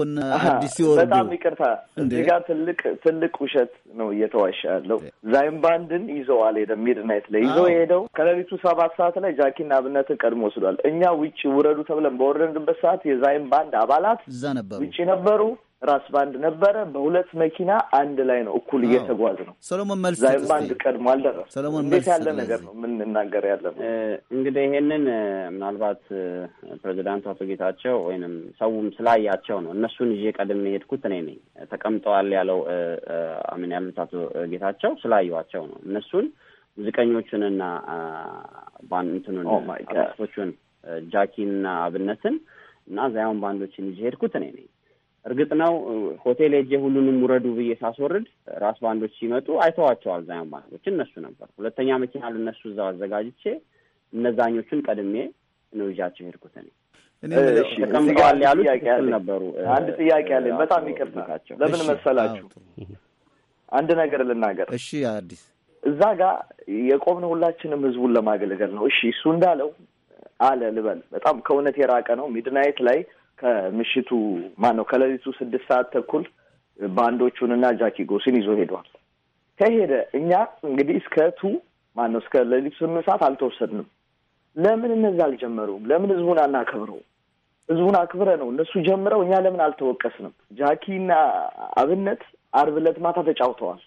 አዲስ ሲወርዱ። በጣም ይቅርታ፣ እዚህ ጋር ትልቅ ትልቅ ውሸት ነው እየተዋሸ ያለው። ዛይን ባንድን ይዘው አልሄደም። ሚድናይት ላይ ይዘው የሄደው ከሌሊቱ ሰባት ሰዓት ላይ ጃኪና አብነትን ቀድሞ ወስዷል። እኛ ውጭ ውረዱ ተብለን በወረድንበት ሰዓት የዛይን ባንድ አባላት እዛ ነበሩ፣ ውጭ ነበሩ። ራስ ባንድ ነበረ። በሁለት መኪና አንድ ላይ ነው እኩል እየተጓዝ ነው። ሰሎሞን መልስ ዛይም ባንድ ቀድሞ አልደረሰ። ሰሎሞን እንዴት ያለ ነገር ነው የምንናገር ያለ ነው። እንግዲህ ይሄንን ምናልባት ፕሬዚዳንቱ አቶ ጌታቸው ወይንም ሰውም ስላያቸው ነው። እነሱን ይዤ ቀድሜ የሄድኩት እኔ ነኝ ተቀምጠዋል ያለው አምን ያሉት አቶ ጌታቸው ስላየዋቸው ነው። እነሱን ሙዚቀኞቹንና ባንትኑን አርቲስቶቹን ጃኪንና አብነትን እና ዛያውን ባንዶችን ይዤ ሄድኩት እኔ ነኝ እርግጥ ነው ሆቴል ሄጄ ሁሉንም ውረዱ ብዬ ሳስወርድ ራስ ባንዶች ሲመጡ አይተዋቸዋል። አብዛኛው ባንዶች እነሱ ነበር። ሁለተኛ መኪና ለእነሱ እዛው አዘጋጅቼ እነዛኞቹን ቀድሜ ነው ይዣቸው ሄድኩት። ተቀምጠዋል ያሉት ነበሩ። አንድ ጥያቄ አለኝ። በጣም ይቅርታ፣ ለምን መሰላችሁ አንድ ነገር ልናገር። እሺ አዲስ እዛ ጋር የቆምነው ሁላችንም ህዝቡን ለማገልገል ነው። እሺ እሱ እንዳለው አለ ልበል፣ በጣም ከእውነት የራቀ ነው። ሚድናይት ላይ ከምሽቱ ማን ነው ከሌሊቱ ስድስት ሰዓት ተኩል ባንዶቹንና ጃኪ ጎሲን ይዞ ሄዷል። ከሄደ እኛ እንግዲህ እስከ ቱ ማን ነው እስከ ሌሊቱ ስምንት ሰዓት አልተወሰድንም። ለምን እነዛ አልጀመሩም? ለምን ህዝቡን አናከብረው? ህዝቡን አክብረ ነው እነሱ ጀምረው እኛ ለምን አልተወቀስንም? ጃኪና አብነት አርብ ዕለት ማታ ተጫውተዋል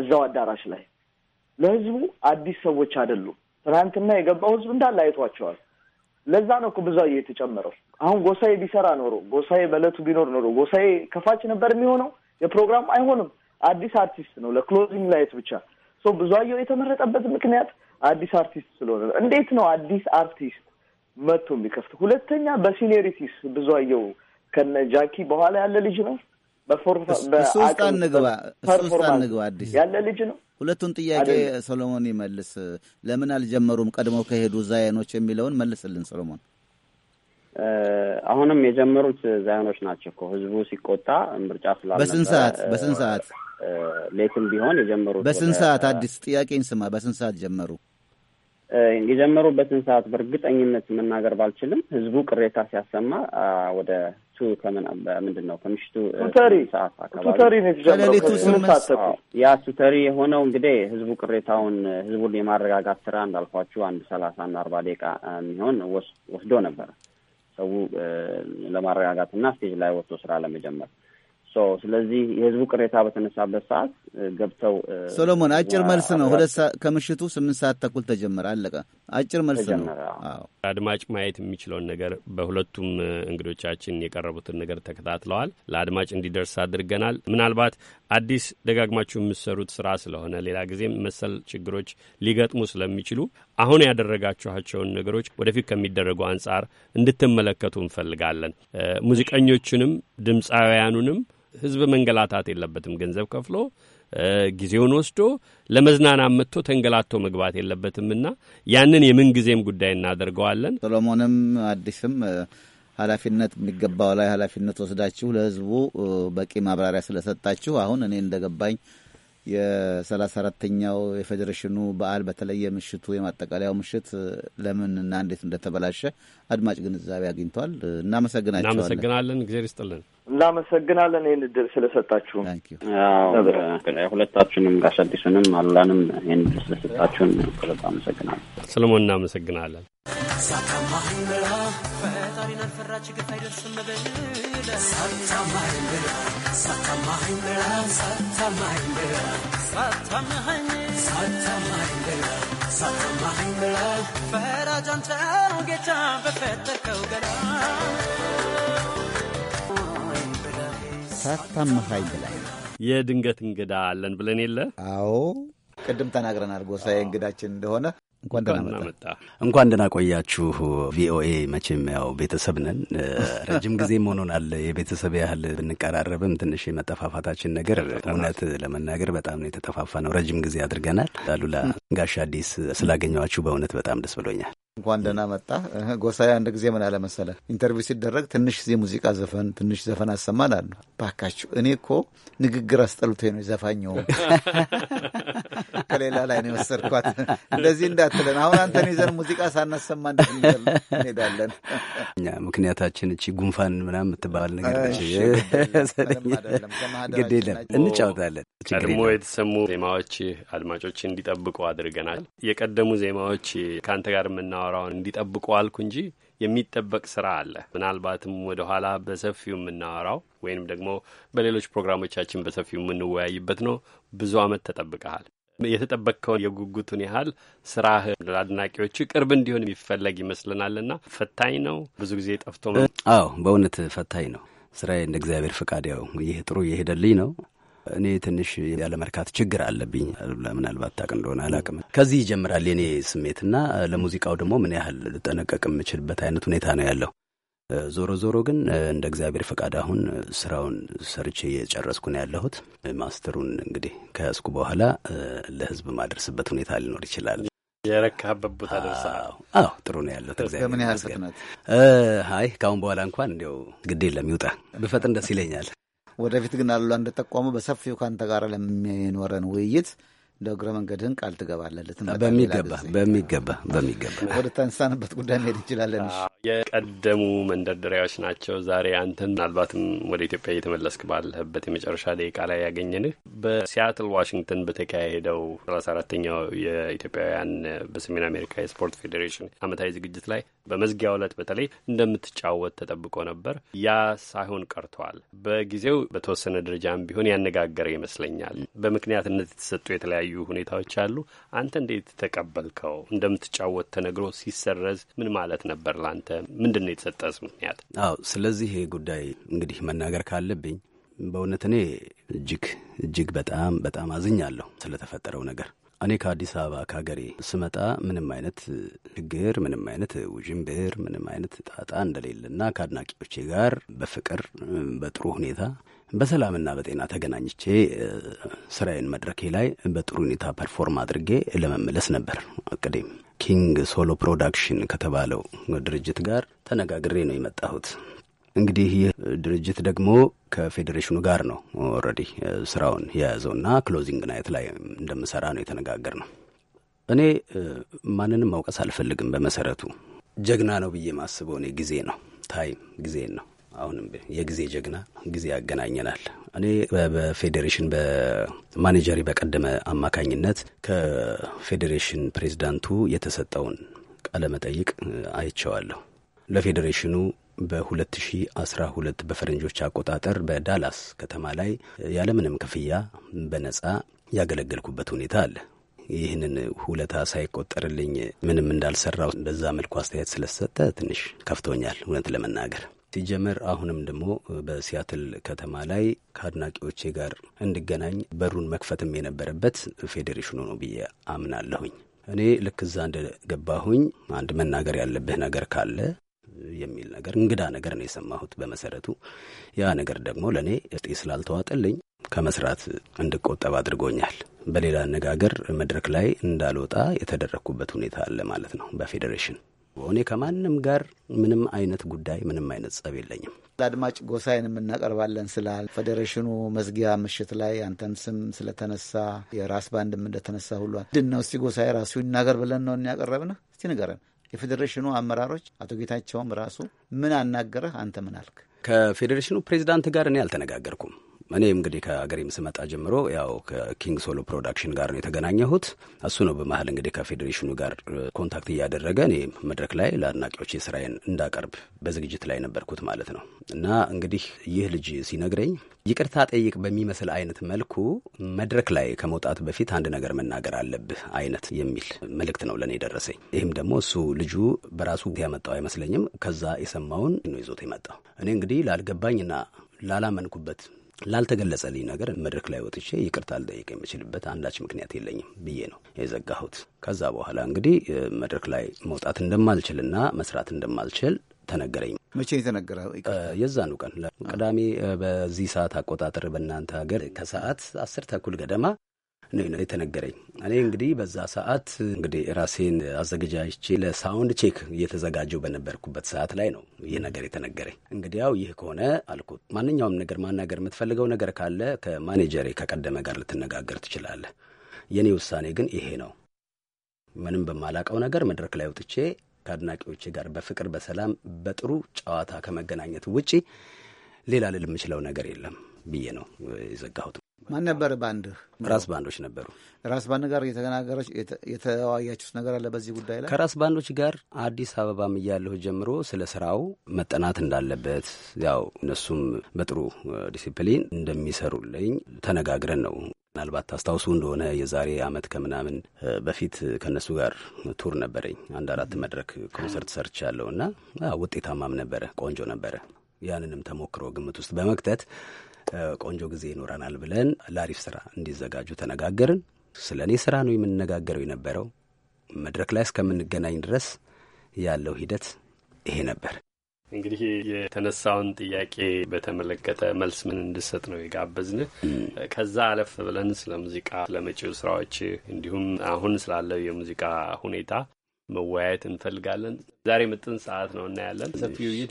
እዛው አዳራሽ ላይ። ለህዝቡ አዲስ ሰዎች አይደሉም። ትናንትና የገባው ህዝብ እንዳለ አይቷቸዋል። ለዛ ነው እኮ ብዛው የተጨመረው። አሁን ጎሳዬ ቢሰራ ኖሮ ጎሳዬ በእለቱ ቢኖር ኖሮ ጎሳዬ ከፋች ነበር የሚሆነው። የፕሮግራም አይሆንም። አዲስ አርቲስት ነው ለክሎዚንግ ላይት ብቻ ሰው ብዙአየሁ የተመረጠበት ምክንያት አዲስ አርቲስት ስለሆነ ነው። እንዴት ነው አዲስ አርቲስት መጥቶ የሚከፍት? ሁለተኛ በሲኒየሪቲስ ብዙየው ከነ ጃኪ በኋላ ያለ ልጅ ነው። እሱ ውስጥ አንግባ፣ እሱ አንግባ። አዲስ ያለ ልጅ ነው። ሁለቱን ጥያቄ ሶሎሞን ይመልስ። ለምን አልጀመሩም ቀድሞ ከሄዱ ዛየኖች የሚለውን መልስልን ሶሎሞን። አሁንም የጀመሩት ዛዮኖች ናቸው እኮ ህዝቡ ሲቆጣ ምርጫ ስላለ በስንት ሰዓት በስንት ሰዓት ሌትም ቢሆን የጀመሩት በስንት ሰዓት አዲስ ጥያቄን ስማ በስንት ሰዓት ጀመሩ የጀመሩበትን ሰዓት በእርግጠኝነት መናገር ባልችልም ህዝቡ ቅሬታ ሲያሰማ ወደ ከምን ምንድን ነው ከምሽቱ ሰዓት አካባቢ ያ ቱተሪ የሆነው እንግዲህ ህዝቡ ቅሬታውን ህዝቡን የማረጋጋት ስራ እንዳልኳችሁ አንድ ሰላሳ እና አርባ ደቂቃ የሚሆን ወስዶ ነበረ ሰው ለማረጋጋት ለማረጋጋትና ስቴጅ ላይ ወጥቶ ስራ ለመጀመር ስለዚህ የህዝቡ ቅሬታ በተነሳበት ሰዓት ገብተው ሰሎሞን አጭር መልስ ነው። ሁለት ከምሽቱ ስምንት ሰዓት ተኩል ተጀመረ፣ አለቀ። አጭር መልስ ነው። አድማጭ ማየት የሚችለውን ነገር በሁለቱም እንግዶቻችን የቀረቡትን ነገር ተከታትለዋል፣ ለአድማጭ እንዲደርስ አድርገናል። ምናልባት አዲስ ደጋግማችሁ የምትሰሩት ስራ ስለሆነ ሌላ ጊዜም መሰል ችግሮች ሊገጥሙ ስለሚችሉ አሁን ያደረጋችኋቸውን ነገሮች ወደፊት ከሚደረጉ አንጻር እንድትመለከቱ እንፈልጋለን። ሙዚቀኞቹንም ድምፃውያኑንም ህዝብ መንገላታት የለበትም። ገንዘብ ከፍሎ ጊዜውን ወስዶ ለመዝናና መጥቶ ተንገላቶ መግባት የለበትምና ያንን የምንጊዜም ጉዳይ እናደርገዋለን። ሰሎሞንም አዲስም ኃላፊነት የሚገባው ላይ ኃላፊነት ወስዳችሁ ለህዝቡ በቂ ማብራሪያ ስለሰጣችሁ አሁን እኔ እንደገባኝ የሰላሳ አራተኛው የፌዴሬሽኑ በዓል በተለየ ምሽቱ የማጠቃለያው ምሽት ለምን እና እንዴት እንደተበላሸ አድማጭ ግንዛቤ አግኝቷል። እናመሰግናቸዋለን። እናመሰግናለን። እግዜር ይስጥልን። እናመሰግናለን ይህን እድል ስለሰጣችሁ። ሁለታችንም፣ ጋሽ አዲሱንም አሉላንም ይህን እድል ስለሰጣችሁን በጣም አመሰግናለን። ሰለሞን እናመሰግናለን። ብላ የድንገት እንግዳ አለን ብለን የለ? አዎ፣ ቅድም ተናግረናል። ጎሳዬ እንግዳችን እንደሆነ እንኳን ደህና መጣ፣ እንኳን ደህና ቆያችሁ። ቪኦኤ መቼም ያው ቤተሰብ ነን፣ ረጅም ጊዜም ሆኖናል። የቤተሰብ ያህል ብንቀራረብም ትንሽ የመጠፋፋታችን ነገር እውነት ለመናገር በጣም ነው የተጠፋፋ ነው፣ ረጅም ጊዜ አድርገናል። አሉላ ጋሽ አዲስ ስላገኘኋችሁ በእውነት በጣም ደስ ብሎኛል። እንኳን ደህና መጣ። ጎሳዬ አንድ ጊዜ ምን አለ መሰለህ፣ ኢንተርቪው ሲደረግ ትንሽ ዜ ሙዚቃ ዘፈን ትንሽ ዘፈን አሰማን አሉ። እባካችሁ እኔ እኮ ንግግር አስጠልቶኝ ነው ዘፋኛው [LAUGHS] ከሌላ ላይ ነው የወሰድኳት። እንደዚህ እንዳትለን አሁን አንተን ይዘን ሙዚቃ ሳናሰማ እንደሚገል እንሄዳለን። ምክንያታችን እቺ ጉንፋን ምናምን የምትባል ነገር [LAUGHS] ግድ የለም እንጫወታለን። ቀድሞ የተሰሙ ዜማዎች አድማጮች እንዲጠብቁ አድርገናል። የቀደሙ ዜማዎች ከአንተ ጋር የምና የምናወራውን እንዲጠብቁ አልኩ እንጂ የሚጠበቅ ስራ አለ። ምናልባትም ወደ ኋላ በሰፊው የምናወራው ወይንም ደግሞ በሌሎች ፕሮግራሞቻችን በሰፊው የምንወያይበት ነው። ብዙ አመት ተጠብቀሃል። የተጠበቅከውን የጉጉቱን ያህል ስራህ ለአድናቂዎች ቅርብ እንዲሆን የሚፈለግ ይመስለናልና ፈታኝ ነው። ብዙ ጊዜ ጠፍቶ አዎ፣ በእውነት ፈታኝ ነው ስራዬ። እንደ እግዚአብሔር ፈቃድ ያው ይህ ጥሩ የሄደልኝ ነው። እኔ ትንሽ ያለመርካት ችግር አለብኝ። ምናልባት ታውቅ እንደሆነ አላውቅም። ከዚህ ይጀምራል የኔ ስሜትና ለሙዚቃው ደግሞ ምን ያህል ልጠነቀቅ የምችልበት አይነት ሁኔታ ነው ያለው። ዞሮ ዞሮ ግን እንደ እግዚአብሔር ፈቃድ አሁን ስራውን ሰርቼ እየጨረስኩ ነው ያለሁት። ማስተሩን እንግዲህ ከያዝኩ በኋላ ለህዝብ ማደርስበት ሁኔታ ሊኖር ይችላል። የረካበት ቦታ ደርሰሃል? አዎ ጥሩ ነው ያለው እግዚአብሔር ፍጥነት አይ ከአሁን በኋላ እንኳን እንዲያው ግድ የለም ይውጣ፣ ብፈጥን ደስ ይለኛል። ወደፊት ግን አሉ እንደጠቋሙ በሰፊው ካንተ ጋር ለሚኖረን ውይይት ለእግረ መንገድህን ቃል ትገባለህ በሚገባ በሚገባ በሚገባ ወደ ተነሳንበት ጉዳይ መሄድ እንችላለን። የቀደሙ መንደርደሪያዎች ናቸው። ዛሬ አንተን ምናልባትም ወደ ኢትዮጵያ እየተመለስክ ባለህበት የመጨረሻ ደቂቃ ላይ ያገኘንህ በሲያትል ዋሽንግተን በተካሄደው ሰላሳ አራተኛው የኢትዮጵያውያን በሰሜን አሜሪካ የስፖርት ፌዴሬሽን ዓመታዊ ዝግጅት ላይ በመዝጊያው ዕለት በተለይ እንደምትጫወት ተጠብቆ ነበር። ያ ሳይሆን ቀርተዋል። በጊዜው በተወሰነ ደረጃም ቢሆን ያነጋገረ ይመስለኛል። በምክንያትነት የተሰጡ የተለያዩ የተለያዩ ሁኔታዎች አሉ። አንተ እንዴት ተቀበልከው? እንደምትጫወት ተነግሮ ሲሰረዝ ምን ማለት ነበር ለአንተ? ምንድን ነው የተሰጠስ ምክንያት? አዎ፣ ስለዚህ ጉዳይ እንግዲህ መናገር ካለብኝ በእውነት እኔ እጅግ እጅግ በጣም በጣም አዝኛለሁ ስለተፈጠረው ነገር። እኔ ከአዲስ አበባ ከሀገሬ ስመጣ ምንም አይነት ችግር፣ ምንም አይነት ውዥንብር፣ ምንም አይነት ጣጣ እንደሌለና ከአድናቂዎቼ ጋር በፍቅር በጥሩ ሁኔታ በሰላምና በጤና ተገናኝቼ ስራዬን መድረኬ ላይ በጥሩ ሁኔታ ፐርፎርም አድርጌ ለመመለስ ነበር እቅዴም። ኪንግ ሶሎ ፕሮዳክሽን ከተባለው ድርጅት ጋር ተነጋግሬ ነው የመጣሁት። እንግዲህ ይህ ድርጅት ደግሞ ከፌዴሬሽኑ ጋር ነው ኦልሬዲ ስራውን የያዘውና ክሎዚንግ ናይት ላይ እንደምሰራ ነው የተነጋገር ነው። እኔ ማንንም መውቀስ አልፈልግም። በመሰረቱ ጀግና ነው ብዬ ማስበው እኔ ጊዜ ነው ታይም ጊዜን ነው አሁንም የጊዜ ጀግና ጊዜ ያገናኘናል። እኔ በፌዴሬሽን በማኔጀሪ በቀደመ አማካኝነት ከፌዴሬሽን ፕሬዚዳንቱ የተሰጠውን ቃለ መጠይቅ አይቸዋለሁ። ለፌዴሬሽኑ በ2012 በፈረንጆች አቆጣጠር በዳላስ ከተማ ላይ ያለምንም ክፍያ በነጻ ያገለገልኩበት ሁኔታ አለ። ይህንን ሁለታ ሳይቆጠርልኝ ምንም እንዳልሰራው በዛ መልኩ አስተያየት ስለሰጠ ትንሽ ከፍቶኛል እውነት ለመናገር ሲጀመር አሁንም ደግሞ በሲያትል ከተማ ላይ ከአድናቂዎቼ ጋር እንድገናኝ በሩን መክፈትም የነበረበት ፌዴሬሽኑ ነው ብዬ አምናለሁኝ። እኔ ልክ እዛ እንደገባሁኝ አንድ መናገር ያለብህ ነገር ካለ የሚል ነገር እንግዳ ነገር ነው የሰማሁት። በመሰረቱ ያ ነገር ደግሞ ለእኔ እስጢ ስላልተዋጠልኝ ከመስራት እንድቆጠብ አድርጎኛል። በሌላ አነጋገር መድረክ ላይ እንዳልወጣ የተደረግኩበት ሁኔታ አለ ማለት ነው በፌዴሬሽን እኔ ከማንም ጋር ምንም አይነት ጉዳይ ምንም አይነት ጸብ የለኝም። ለአድማጭ ጎሳይን የምናቀርባለን ስላል ፌዴሬሽኑ መዝጊያ ምሽት ላይ አንተን ስም ስለተነሳ የራስ ባንድም እንደተነሳ ሁሉ ምንድን ነው እስቲ ጎሳይ ራሱ ይናገር ብለን ነው ያቀረብንህ። እስቲ ንገረን። የፌዴሬሽኑ አመራሮች አቶ ጌታቸውም ራሱ ምን አናገረህ? አንተ ምን አልክ? ከፌዴሬሽኑ ፕሬዚዳንት ጋር እኔ አልተነጋገርኩም። እኔ እንግዲህ ከሀገሬም ስመጣ ጀምሮ ያው ከኪንግ ሶሎ ፕሮዳክሽን ጋር ነው የተገናኘሁት። እሱ ነው በመሀል እንግዲህ ከፌዴሬሽኑ ጋር ኮንታክት እያደረገ እኔ መድረክ ላይ ለአድናቂዎች የስራዬን እንዳቀርብ በዝግጅት ላይ ነበርኩት ማለት ነው። እና እንግዲህ ይህ ልጅ ሲነግረኝ ይቅርታ ጠይቅ በሚመስል አይነት መልኩ መድረክ ላይ ከመውጣት በፊት አንድ ነገር መናገር አለብህ አይነት የሚል መልእክት ነው ለእኔ ደረሰኝ። ይህም ደግሞ እሱ ልጁ በራሱ ያመጣው አይመስለኝም። ከዛ የሰማውን ነው ይዞት የመጣው። እኔ እንግዲህ ላልገባኝና ላላመንኩበት ላልተገለጸልኝ ነገር መድረክ ላይ ወጥቼ ይቅርታ ልጠይቅ የምችልበት አንዳች ምክንያት የለኝም ብዬ ነው የዘጋሁት። ከዛ በኋላ እንግዲህ መድረክ ላይ መውጣት እንደማልችልና መስራት እንደማልችል ተነገረኝ። መቼ የተነገረ? የዛኑ ቀን ቅዳሜ፣ በዚህ ሰዓት አቆጣጠር በእናንተ ሀገር ከሰዓት አስር ተኩል ገደማ ነው የተነገረኝ። እኔ እንግዲህ በዛ ሰዓት እንግዲህ ራሴን አዘገጃጅቼ ለሳውንድ ቼክ እየተዘጋጀው በነበርኩበት ሰዓት ላይ ነው ይህ ነገር የተነገረኝ። እንግዲህ ያው ይህ ከሆነ አልኩት፣ ማንኛውም ነገር ማናገር የምትፈልገው ነገር ካለ ከማኔጀሬ ከቀደመ ጋር ልትነጋገር ትችላለህ። የኔ ውሳኔ ግን ይሄ ነው። ምንም በማላቀው ነገር መድረክ ላይ ወጥቼ ከአድናቂዎች ጋር በፍቅር በሰላም በጥሩ ጨዋታ ከመገናኘት ውጪ ሌላ ልል የምችለው ነገር የለም ብዬ ነው የዘጋሁት። ማን ነበር ባንድህ? ራስ ባንዶች ነበሩ። ራስ ባንድ ጋር እየተናገረች የተወያያችሁት ነገር አለ በዚህ ጉዳይ ላይ? ከራስ ባንዶች ጋር አዲስ አበባም እያለሁ ጀምሮ ስለ ስራው መጠናት እንዳለበት ያው እነሱም በጥሩ ዲሲፕሊን እንደሚሰሩልኝ ተነጋግረን ነው። ምናልባት ታስታውሱ እንደሆነ የዛሬ አመት ከምናምን በፊት ከእነሱ ጋር ቱር ነበረኝ። አንድ አራት መድረክ ኮንሰርት ሰርች ያለው እና ውጤታማም ነበረ፣ ቆንጆ ነበረ። ያንንም ተሞክሮ ግምት ውስጥ በመክተት ቆንጆ ጊዜ ይኖረናል ብለን ለአሪፍ ስራ እንዲዘጋጁ ተነጋገርን። ስለ እኔ ስራ ነው የምንነጋገረው የነበረው። መድረክ ላይ እስከምንገናኝ ድረስ ያለው ሂደት ይሄ ነበር። እንግዲህ የተነሳውን ጥያቄ በተመለከተ መልስ ምን እንድሰጥ ነው የጋበዝንህ። ከዛ አለፍ ብለን ስለ ሙዚቃ፣ ስለ መጪው ስራዎች እንዲሁም አሁን ስላለው የሙዚቃ ሁኔታ መወያየት እንፈልጋለን። ዛሬ ምጥን ሰዓት ነው እናያለን። ሰፊ ውይይት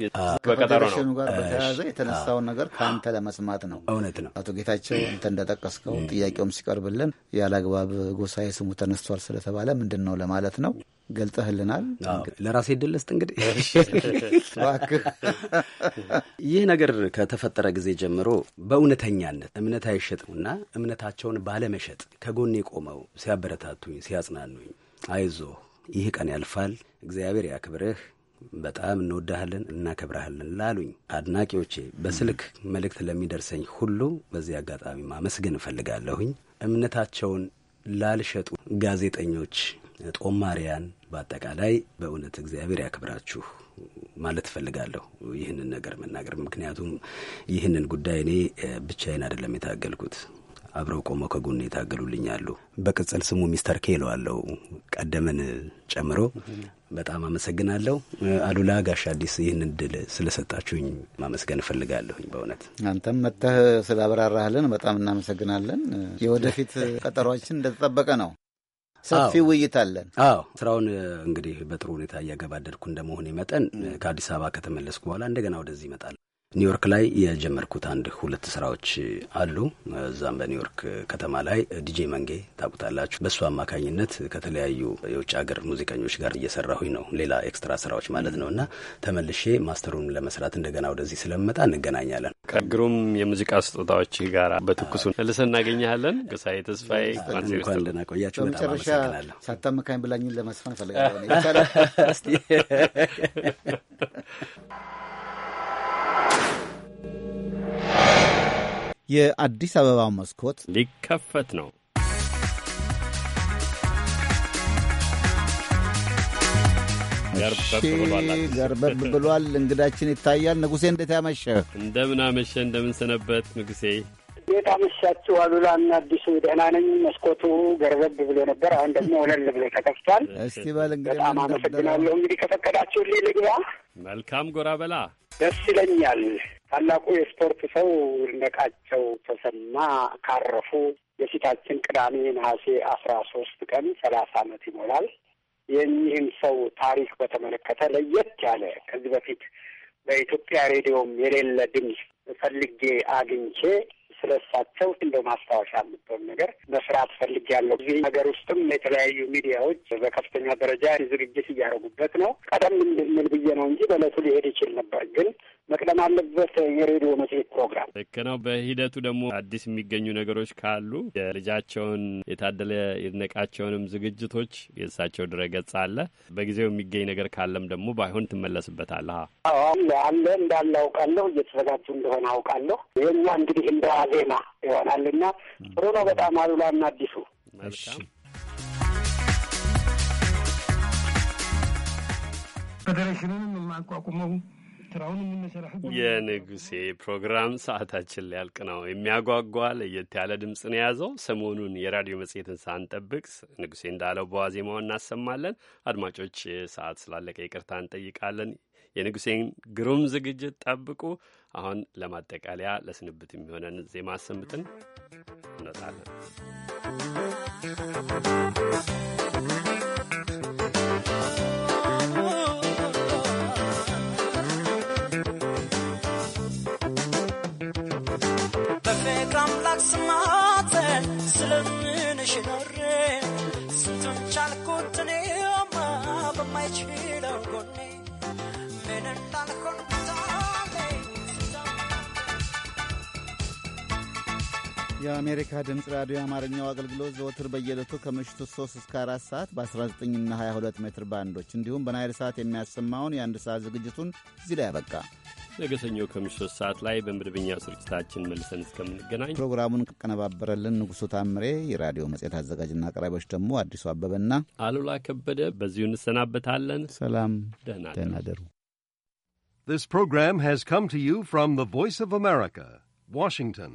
በቀጠሮ ነው ጋር በተያያዘ የተነሳውን ነገር ከአንተ ለመስማት ነው። እውነት ነው አቶ ጌታቸው፣ አንተ እንደጠቀስከው ጥያቄውም ሲቀርብልን ያለ አግባብ ስሙ ተነስቷል ስለተባለ ምንድን ነው ለማለት ነው። ገልጠህልናል። ለራሴ እድል ስጥ እንግዲህ ይህ ነገር ከተፈጠረ ጊዜ ጀምሮ በእውነተኛነት እምነት አይሸጥምና እምነታቸውን ባለመሸጥ ከጎን የቆመው ሲያበረታቱኝ፣ ሲያጽናኑኝ አይዞህ ይህ ቀን ያልፋል፣ እግዚአብሔር ያክብርህ፣ በጣም እንወዳሃለን፣ እናከብረሃለን ላሉኝ አድናቂዎቼ በስልክ መልእክት ለሚደርሰኝ ሁሉ በዚህ አጋጣሚ ማመስገን እፈልጋለሁኝ። እምነታቸውን ላልሸጡ ጋዜጠኞች፣ ጦማሪያን በአጠቃላይ በእውነት እግዚአብሔር ያክብራችሁ ማለት እፈልጋለሁ ይህንን ነገር መናገር ምክንያቱም ይህንን ጉዳይ እኔ ብቻዬን አይደለም የታገልኩት አብረው ቆመው ከጎን የታገሉልኛሉ። በቅጽል ስሙ ሚስተር ኬ አለው ቀደምን ጨምሮ በጣም አመሰግናለሁ። አሉላ ጋሽ አዲስ ይህን እድል ስለሰጣችሁኝ ማመስገን እፈልጋለሁኝ። በእውነት አንተም መጥተህ ስላብራራህልን በጣም እናመሰግናለን። የወደፊት ቀጠሯችን እንደተጠበቀ ነው። ሰፊ ውይይት አለን። አዎ ስራውን እንግዲህ በጥሩ ሁኔታ እያገባደድኩ እንደመሆኔ መጠን ከአዲስ አበባ ከተመለስኩ በኋላ እንደገና ወደዚህ ይመጣል። ኒውዮርክ ላይ የጀመርኩት አንድ ሁለት ስራዎች አሉ። እዛም በኒውዮርክ ከተማ ላይ ዲጄ መንጌ ታውቁታላችሁ። በእሱ አማካኝነት ከተለያዩ የውጭ ሀገር ሙዚቀኞች ጋር እየሰራሁኝ ነው። ሌላ ኤክስትራ ስራዎች ማለት ነው እና ተመልሼ ማስተሩን ለመስራት እንደገና ወደዚህ ስለመጣ እንገናኛለን። ከግሩም የሙዚቃ ስጦታዎች ጋር በትኩሱ ልስ እናገኘሃለን። ጎሳዬ ተስፋዬ እንኳን ደህና ቆያችሁ። በጣም አመሰግናለሁ። ሳታመካኝ ብላኝን ለመስፈን ፈልጋለሁ። [LAUGHS] [LAUGHS] የአዲስ አበባው መስኮት ሊከፈት ነው። ገርበብ ብሏል። እንግዳችን ይታያል። ንጉሴ እንዴት ያመሸ? እንደምን አመሸ? እንደምን ሰነበት ንጉሴ ቤት አመሻችሁ አሉላ እና አዲሱ ደህና ነኝ። መስኮቱ ገርበብ ብሎ ነበር፣ አሁን ደግሞ ወለል ብሎ ተከፍቷል። እስቲ በል እንግዲህ በጣም አመሰግናለሁ። እንግዲህ ከፈቀዳችሁ ልግባ። መልካም ጎራ በላ። ደስ ይለኛል። ታላቁ የስፖርት ሰው ነቃቸው ተሰማ ካረፉ የፊታችን ቅዳሜ ነሐሴ አስራ ሶስት ቀን ሰላሳ ዓመት ይሞላል። የኚህን ሰው ታሪክ በተመለከተ ለየት ያለ ከዚህ በፊት በኢትዮጵያ ሬዲዮም የሌለ ድምፅ ፈልጌ አግኝቼ ስለ እሳቸው እንደው ማስታወሻ የምትሆን ነገር መስራት ፈልጌያለሁ። እዚህ ነገር ውስጥም የተለያዩ ሚዲያዎች በከፍተኛ ደረጃ ዝግጅት እያደረጉበት ነው። ቀደም እንድንል ብዬ ነው እንጂ በእለቱ ሊሄድ ይችል ነበር፣ ግን መቅደም አለበት የሬዲዮ መጽሔት ፕሮግራም። ልክ ነው። በሂደቱ ደግሞ አዲስ የሚገኙ ነገሮች ካሉ የልጃቸውን የታደለ የድነቃቸውንም ዝግጅቶች የእሳቸው ድረገጽ አለ። በጊዜው የሚገኝ ነገር ካለም ደግሞ ባይሆን ትመለስበታለህ። አለ አለ እንዳለ አውቃለሁ። እየተዘጋጁ እንደሆነ አውቃለሁ። የእኛ እንግዲህ እንደ ዜማ ይሆናል እና ጥሩ ነው በጣም አሉላ እና አዲሱ የማቋቁመው የንጉሴ ፕሮግራም ሰዓታችን ሊያልቅ ነው። የሚያጓጓ ለየት ያለ ነው የያዘው ሰሞኑን የራዲዮ መጽሔትን ሳንጠብቅ ንጉሴ እንዳለው በዋዜማው እናሰማለን። አድማጮች ሰዓት ስላለቀ ይቅርታ እንጠይቃለን። የንጉሴን ግሩም ዝግጅት ጠብቁ። አሁን ለማጠቃለያ ለስንብት የሚሆነን ዜማ አሰምተን እንወጣለን። በፍቅር ስማተ የአሜሪካ ድምፅ ራዲዮ የአማርኛው አገልግሎት ዘወትር በየለቱ ከምሽቱ 3 እስከ 4 ሰዓት በ19 እና 22 ሜትር ባንዶች እንዲሁም በናይል ሰዓት የሚያሰማውን የአንድ ሰዓት ዝግጅቱን እዚህ ላይ ያበቃ። ነገ ሰኞ ከምሽቱ 3 ሰዓት ላይ በመደበኛው ስርጭታችን መልሰን እስከምንገናኝ ፕሮግራሙን ቀነባበረልን ንጉሡ ታምሬ፣ የራዲዮ መጽሔት አዘጋጅና አቅራቢዎች ደግሞ አዲሱ አበበና አሉላ ከበደ። በዚሁ እንሰናበታለን። ሰላም፣ ደህና ደሩ። This program has come to you from the Voice of America, Washington.